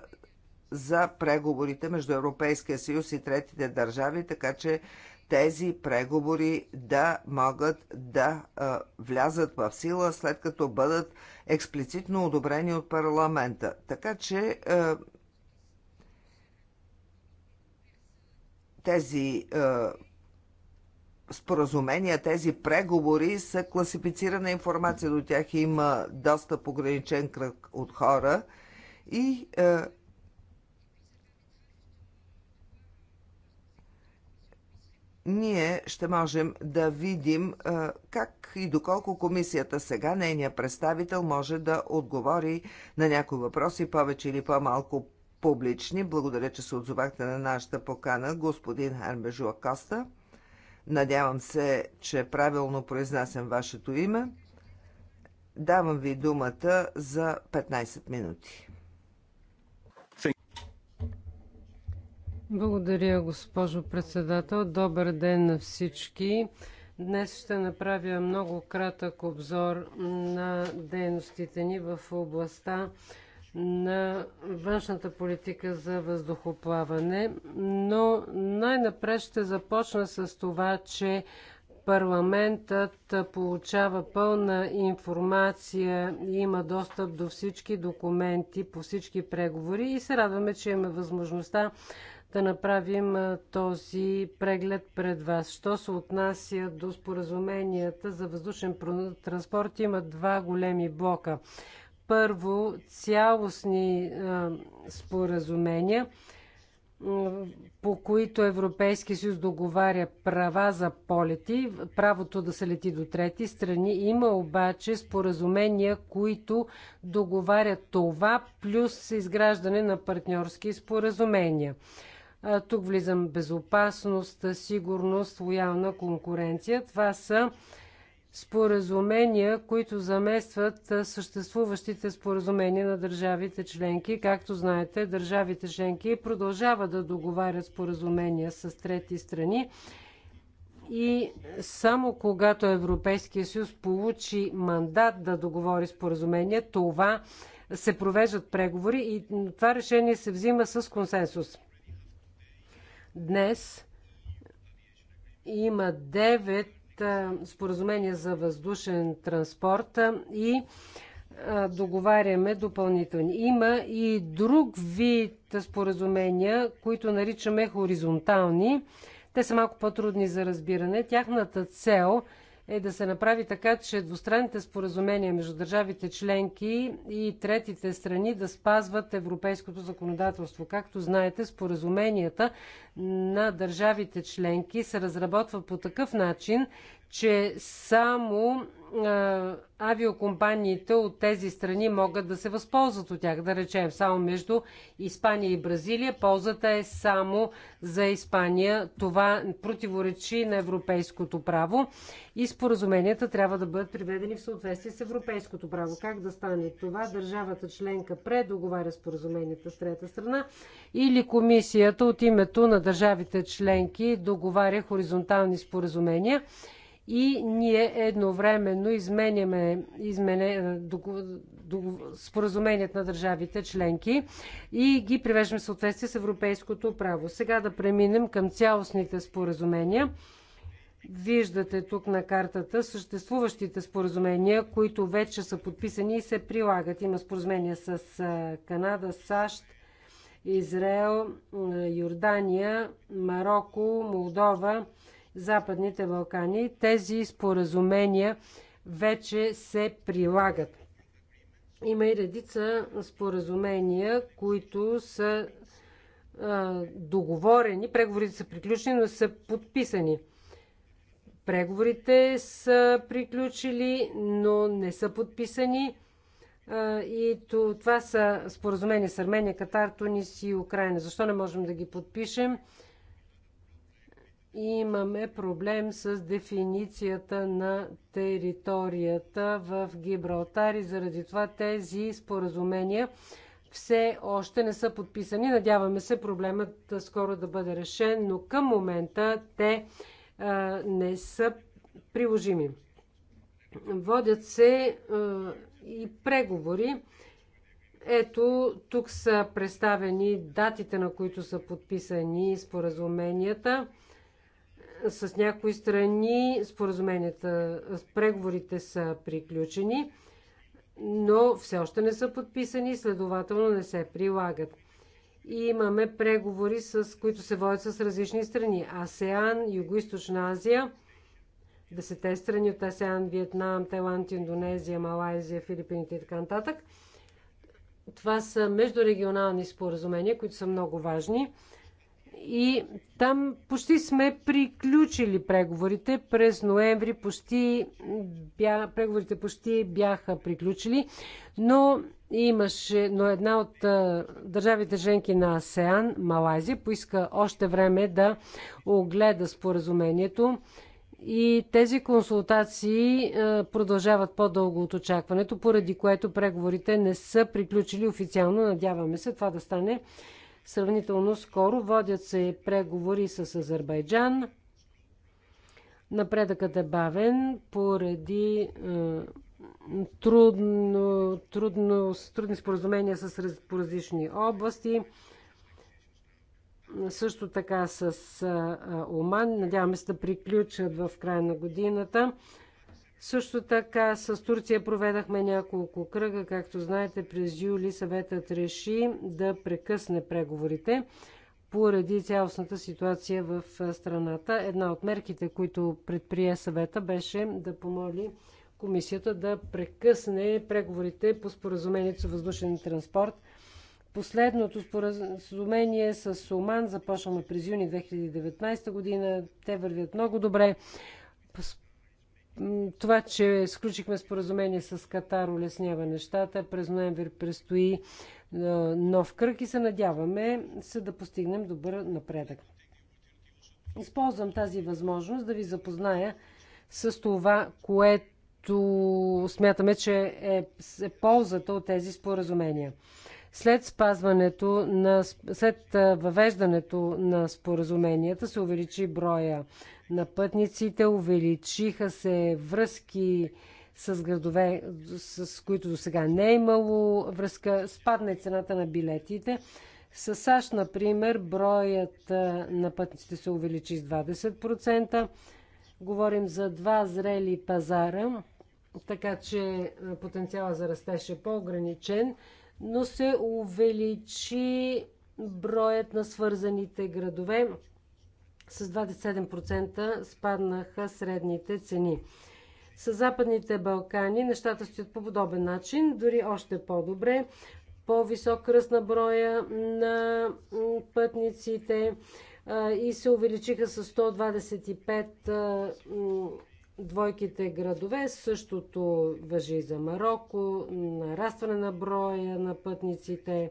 за преговорите между Европейския съюз и третите държави, така че тези преговори да могат да а, влязат в сила, след като бъдат експлицитно одобрени от парламента. Така че а, тези а, споразумения, тези преговори са класифицирана информация. До тях има доста пограничен кръг от хора и ние ще можем да видим как и доколко комисията сега, нейният представител, може да отговори на някои въпроси, повече или по-малко публични. Благодаря, че се отзовахте на нашата покана, господин Хермежуа Коста. Надявам се, че правилно произнасям вашето име. Давам ви думата за 15 минути. Благодаря, госпожо председател. Добър ден на всички. Днес ще направя много кратък обзор на дейностите ни в областта на външната политика за въздухоплаване, но най-напред ще започна с това, че парламентът получава пълна информация и има достъп до всички документи по всички преговори и се радваме, че имаме възможността да направим този преглед пред вас. Що се отнася до споразуменията за въздушен транспорт, има два големи блока. Първо, цялостни споразумения, по които Европейски съюз договаря права за полети, правото да се лети до трети страни. Има обаче споразумения, които договарят това, плюс изграждане на партньорски споразумения. Тук влизам безопасност, сигурност, лоялна конкуренция. Това са споразумения, които заместват съществуващите споразумения на държавите членки. Както знаете, държавите членки продължават да договарят споразумения с трети страни и само когато Европейския съюз получи мандат да договори споразумение, това се провеждат преговори и това решение се взима с консенсус. Днес има 9 споразумения за въздушен транспорт и договаряме допълнителни. Има и друг вид споразумения, които наричаме хоризонтални. Те са малко по-трудни за разбиране. Тяхната цел е е да се направи така, че двустранните споразумения между държавите членки и третите страни да спазват европейското законодателство. Както знаете, споразуменията на държавите членки се разработват по такъв начин, че само авиокомпаниите от тези страни могат да се възползват от тях. Да речем, само между Испания и Бразилия ползата е само за Испания. Това противоречи на европейското право и споразуменията трябва да бъдат приведени в съответствие с европейското право. Как да стане това? Държавата членка предоговаря споразуменията с трета страна или комисията от името на държавите членки договаря хоризонтални споразумения и ние едновременно изменяме измене, споразуменият на държавите членки и ги привеждаме в съответствие с европейското право. Сега да преминем към цялостните споразумения. Виждате тук на картата съществуващите споразумения, които вече са подписани и се прилагат. Има споразумения с е, Канада, САЩ, Израел, е, Йордания, Марокко, Молдова, Западните Балкани. Тези споразумения вече се прилагат. Има и редица споразумения, които са а, договорени. Преговорите са приключени, но са подписани. Преговорите са приключили, но не са подписани. А, и това са споразумения с Армения, Катар, Тунис и Украина. Защо не можем да ги подпишем? имаме проблем с дефиницията на територията в Гибралтар и заради това тези споразумения все още не са подписани. Надяваме се проблемът скоро да бъде решен, но към момента те а, не са приложими. Водят се а, и преговори. Ето, тук са представени датите, на които са подписани споразуменията с някои страни споразуменията, преговорите са приключени, но все още не са подписани и следователно не се прилагат. И имаме преговори, с които се водят с различни страни. АСЕАН, Юго-Источна Азия, десете страни от АСЕАН, Виетнам, Тайланд, Индонезия, Малайзия, Филипините и така нататък. Това са междурегионални споразумения, които са много важни и там почти сме приключили преговорите. През ноември почти бя, преговорите почти бяха приключили, но имаше, но една от държавите женки на АСЕАН, Малайзия, поиска още време да огледа споразумението и тези консултации продължават по-дълго от очакването, поради което преговорите не са приключили официално. Надяваме се това да стане сравнително скоро. Водят се преговори с Азербайджан. Напредъкът е бавен поради е, трудно, трудно, трудни споразумения с по различни области. Също така с е, Оман. Надяваме се да приключат в края на годината. Също така с Турция проведахме няколко кръга. Както знаете, през юли съветът реши да прекъсне преговорите поради цялостната ситуация в страната. Една от мерките, които предприе съвета, беше да помоли комисията да прекъсне преговорите по споразумението за въздушен транспорт. Последното споразумение с Оман започваме през юни 2019 година. Те вървят много добре това, че сключихме споразумение с Катар, улеснява нещата. През ноември предстои е, нов кръг и се надяваме се да постигнем добър напредък. Използвам тази възможност да ви запозная с това, което смятаме, че е, е ползата от тези споразумения. След спазването на, след е, въвеждането на споразуменията се увеличи броя на пътниците, увеличиха се връзки с градове, с които до сега не е имало връзка, спадна и цената на билетите. С САЩ, например, броят на пътниците се увеличи с 20%. Говорим за два зрели пазара, така че потенциала за растеж е по-ограничен, но се увеличи броят на свързаните градове с 27% спаднаха средните цени. С Западните Балкани нещата стоят по подобен начин, дори още по-добре. По-висок ръст на броя на пътниците и се увеличиха с 125 двойките градове. Същото въжи и за Марокко, нарастване на броя на пътниците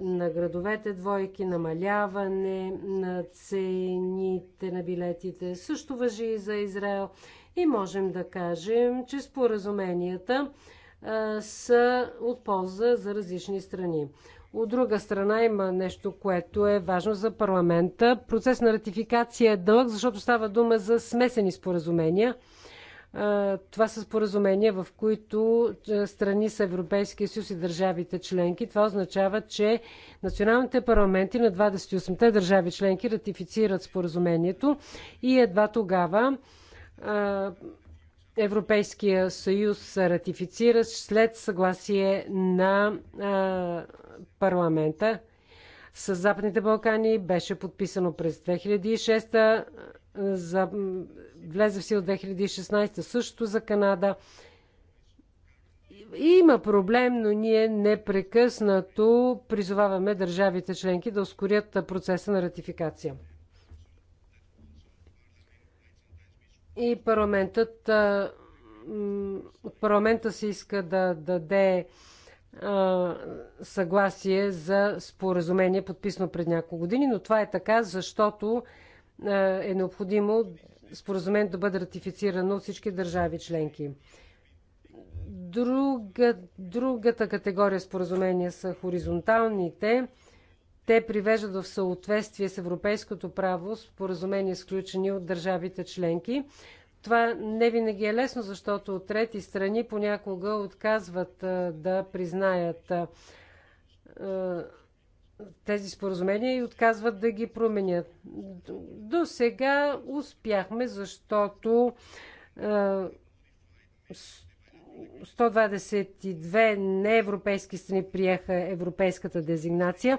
на градовете двойки, намаляване на цените на билетите. Също въжи и за Израел. И можем да кажем, че споразуменията са от полза за различни страни. От друга страна има нещо, което е важно за парламента. Процес на ратификация е дълъг, защото става дума за смесени споразумения – това са споразумения, в които страни са Европейския съюз и държавите членки. Това означава, че националните парламенти на 28-те държави членки ратифицират споразумението и едва тогава Европейския съюз се ратифицира след съгласие на парламента. С Западните Балкани беше подписано през 2006 за, влезе в сила 2016, също за Канада. Има проблем, но ние непрекъснато призоваваме държавите членки да ускорят процеса на ратификация. И парламентът от парламента се иска да даде съгласие за споразумение, подписано пред няколко години, но това е така, защото е, е необходимо споразумението да бъде ратифицирано от всички държави членки. Друга, другата категория споразумения са хоризонталните. Те привеждат в съответствие с европейското право споразумения, сключени от държавите членки. Това не винаги е лесно, защото от трети страни понякога отказват е, да признаят е, тези споразумения и отказват да ги променят. До сега успяхме, защото 122 неевропейски страни приеха европейската дезигнация.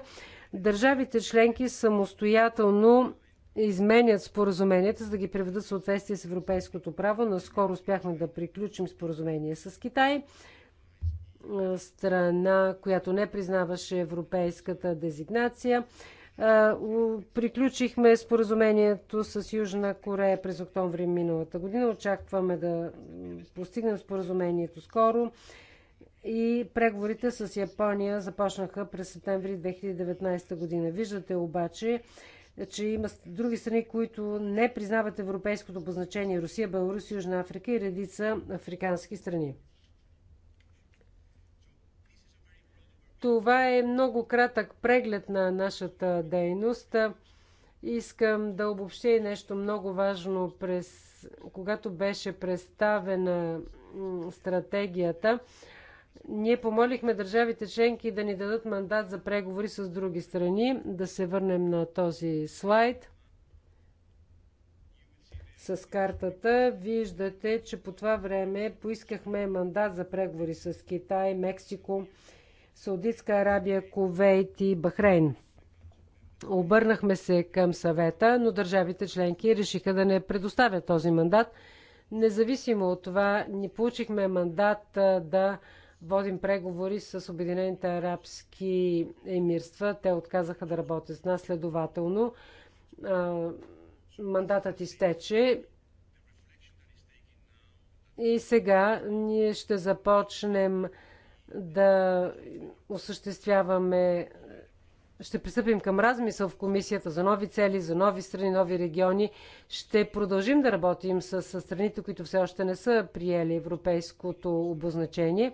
Държавите членки самостоятелно изменят споразуменията, за да ги приведат в съответствие с европейското право. Наскоро успяхме да приключим споразумение с Китай страна, която не признаваше европейската дезигнация. Приключихме споразумението с Южна Корея през октомври миналата година. Очакваме да постигнем споразумението скоро. И преговорите с Япония започнаха през септември 2019 година. Виждате обаче, че има други страни, които не признават европейското обозначение Русия, Беларус, Южна Африка и редица африкански страни. Това е много кратък преглед на нашата дейност. Искам да обобщя и нещо много важно. През, когато беше представена стратегията, ние помолихме държавите членки да ни дадат мандат за преговори с други страни. Да се върнем на този слайд. С картата виждате, че по това време поискахме мандат за преговори с Китай, Мексико, Саудитска Арабия, Кувейт и Бахрейн. Обърнахме се към съвета, но държавите членки решиха да не предоставят този мандат. Независимо от това, ни получихме мандат да водим преговори с Обединените арабски емирства. Те отказаха да работят с нас, следователно. Мандатът изтече и сега ние ще започнем да осъществяваме ще пристъпим към размисъл в комисията за нови цели, за нови страни, нови региони. Ще продължим да работим с, с страните, които все още не са приели европейското обозначение,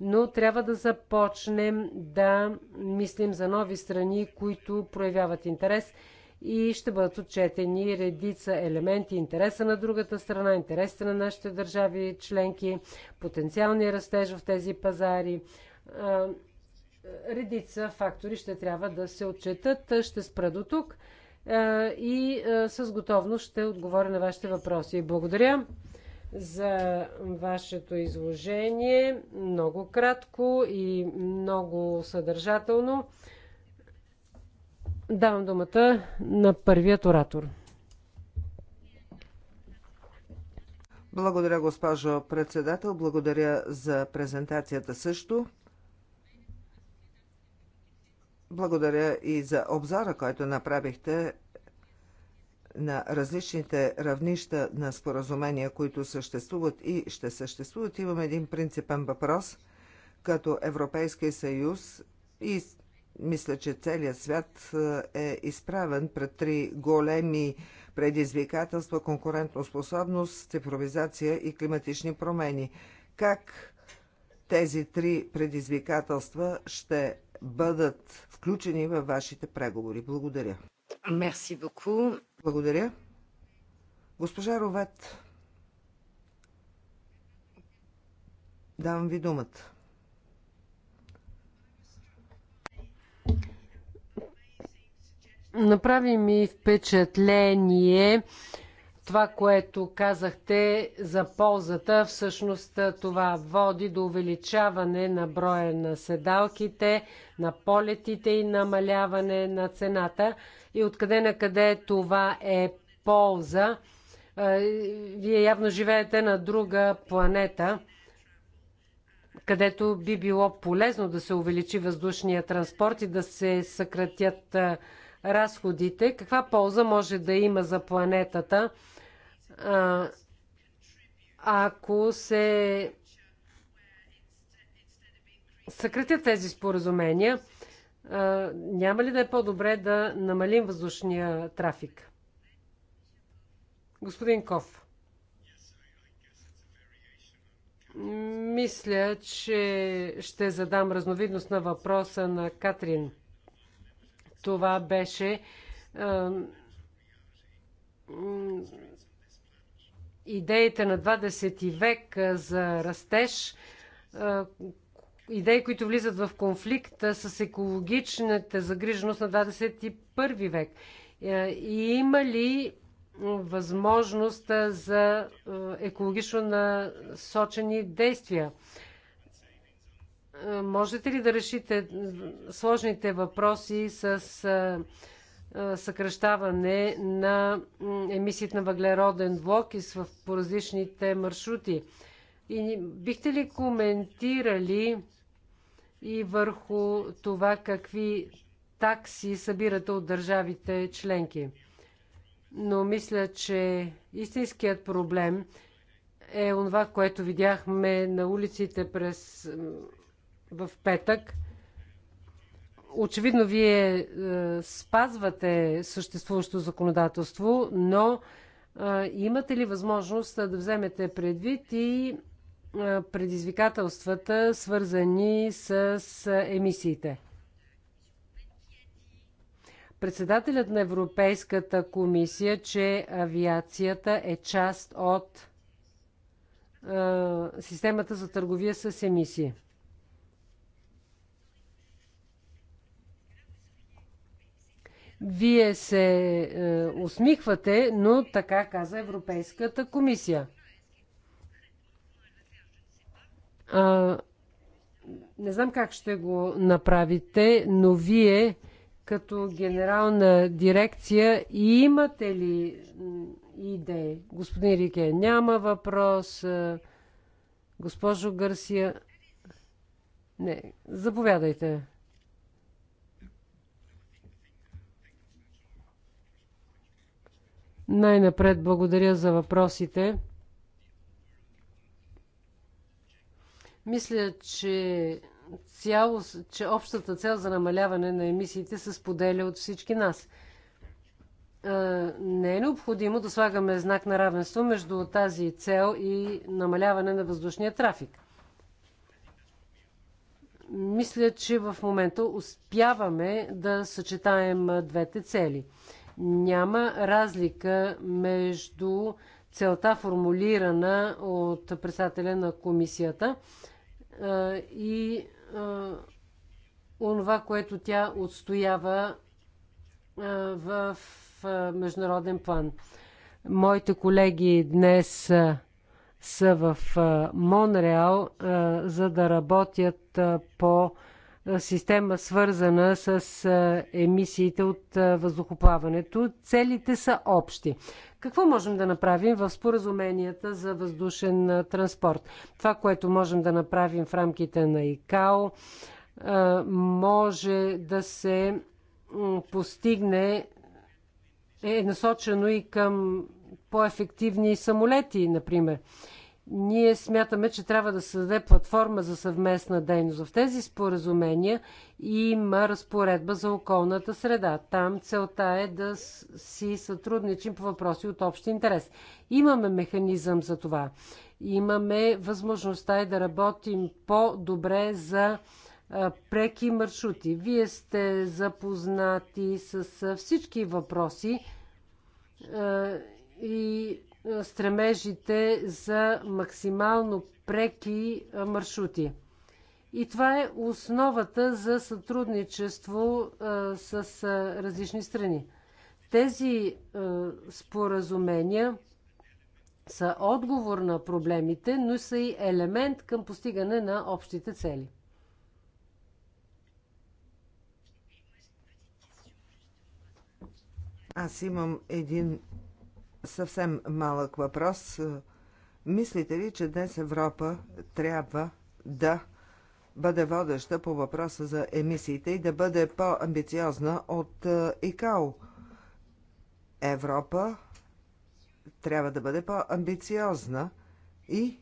но трябва да започнем да мислим за нови страни, които проявяват интерес – и ще бъдат отчетени редица елементи, интереса на другата страна, интересите на нашите държави членки, потенциалния растеж в тези пазари. Редица фактори ще трябва да се отчетат. Ще спра до тук и с готовност ще отговоря на вашите въпроси. Благодаря за вашето изложение. Много кратко и много съдържателно. Давам думата на първият оратор. Благодаря, госпожо председател. Благодаря за презентацията също. Благодаря и за обзора, който направихте на различните равнища на споразумения, които съществуват и ще съществуват. Имам един принципен въпрос. Като Европейския съюз и мисля, че целият свят е, е изправен пред три големи предизвикателства конкурентоспособност, цифровизация и климатични промени. Как тези три предизвикателства ще бъдат включени във вашите преговори? Благодаря. Мерси боку. Благодаря. Госпожа Ровет, давам ви думата. Направи ми впечатление това, което казахте за ползата. Всъщност това води до увеличаване на броя на седалките, на полетите и намаляване на цената. И откъде на къде това е полза? Вие явно живеете на друга планета където би било полезно да се увеличи въздушния транспорт и да се съкратят разходите, каква полза може да има за планетата, ако се съкратят тези споразумения, няма ли да е по-добре да намалим въздушния трафик? Господин Ков. Мисля, че ще задам разновидност на въпроса на Катрин – това беше идеите на 20 век за растеж, идеи, които влизат в конфликт с екологичната загриженост на 21 век. И има ли възможност за екологично насочени действия? Е, можете ли да решите сложните въпроси с е, е, съкръщаване на емисиите на въглероден двуокис в по различните маршрути? И бихте ли коментирали и върху това какви такси събирате от държавите членки? Но мисля, че истинският проблем е онова, което видяхме на улиците през в петък. Очевидно, вие е, спазвате съществуващото законодателство, но е, имате ли възможност да вземете предвид и е, предизвикателствата, свързани с емисиите? Председателят на Европейската комисия, че авиацията е част от е, системата за търговия с емисии. Вие се е, усмихвате, но така каза Европейската комисия. А, не знам как ще го направите, но вие като генерална дирекция имате ли идеи? Господин Рике, няма въпрос. Госпожо Гърсия, не, заповядайте. Най-напред благодаря за въпросите. Мисля, че, цяло, че общата цел за намаляване на емисиите се споделя от всички нас. Не е необходимо да слагаме знак на равенство между тази цел и намаляване на въздушния трафик. Мисля, че в момента успяваме да съчетаем двете цели – няма разлика между целта, формулирана от председателя на комисията и онова, което тя отстоява в международен план. Моите колеги днес са в Монреал, за да работят по система свързана с емисиите от въздухоплаването. Целите са общи. Какво можем да направим в споразуменията за въздушен транспорт? Това, което можем да направим в рамките на ИКАО, може да се постигне е насочено и към по-ефективни самолети, например ние смятаме, че трябва да се даде платформа за съвместна дейност. В тези споразумения има разпоредба за околната среда. Там целта е да си сътрудничим по въпроси от общ интерес. Имаме механизъм за това. Имаме възможността и да работим по-добре за преки маршрути. Вие сте запознати с всички въпроси и е, стремежите за максимално преки е, маршрути. И това е основата за сътрудничество е, с различни страни. Тези споразумения са отговор на проблемите, но са и елемент към постигане на общите цели. Аз имам един съвсем малък въпрос. Мислите ли, че днес Европа трябва да бъде водеща по въпроса за емисиите и да бъде по-амбициозна от е, ИКАО? Европа трябва да бъде по-амбициозна и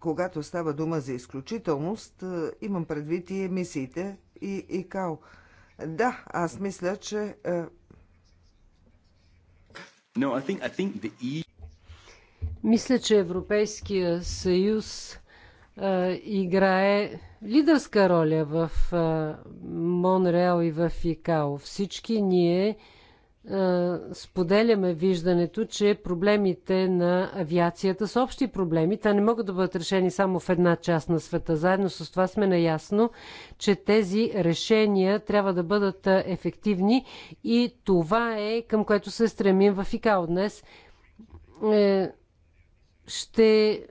когато става дума за изключителност, е, имам предвид и емисиите и ИКАО. Да, аз мисля, че е, E Мисля, че Европейския съюз играе лидерска роля в Монреал и в ИКАО. Всички ние е, споделяме виждането, че проблемите на авиацията са общи проблеми. Те не могат да бъдат решени само в една част на света. Заедно с това сме наясно, че тези решения трябва да бъдат е, ефективни и това е към което се стремим в ИКАО днес. Е, ще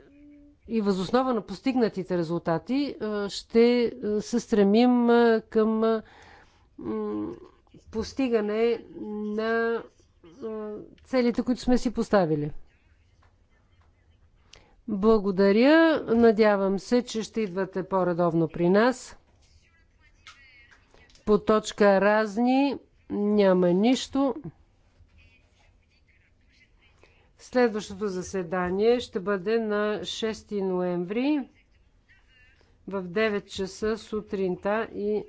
и възоснова на постигнатите резултати ще се стремим към постигане на целите, които сме си поставили. Благодаря. Надявам се, че ще идвате по-редовно при нас. По точка разни няма нищо. Следващото заседание ще бъде на 6 ноември в 9 часа сутринта и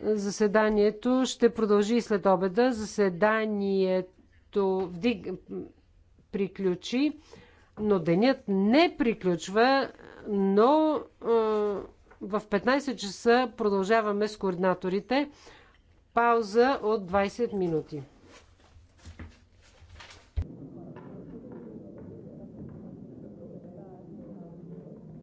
Заседанието ще продължи след обеда. Заседанието вдиг... приключи, но денят не приключва, но е, в 15 часа продължаваме с координаторите. Пауза от 20 минути.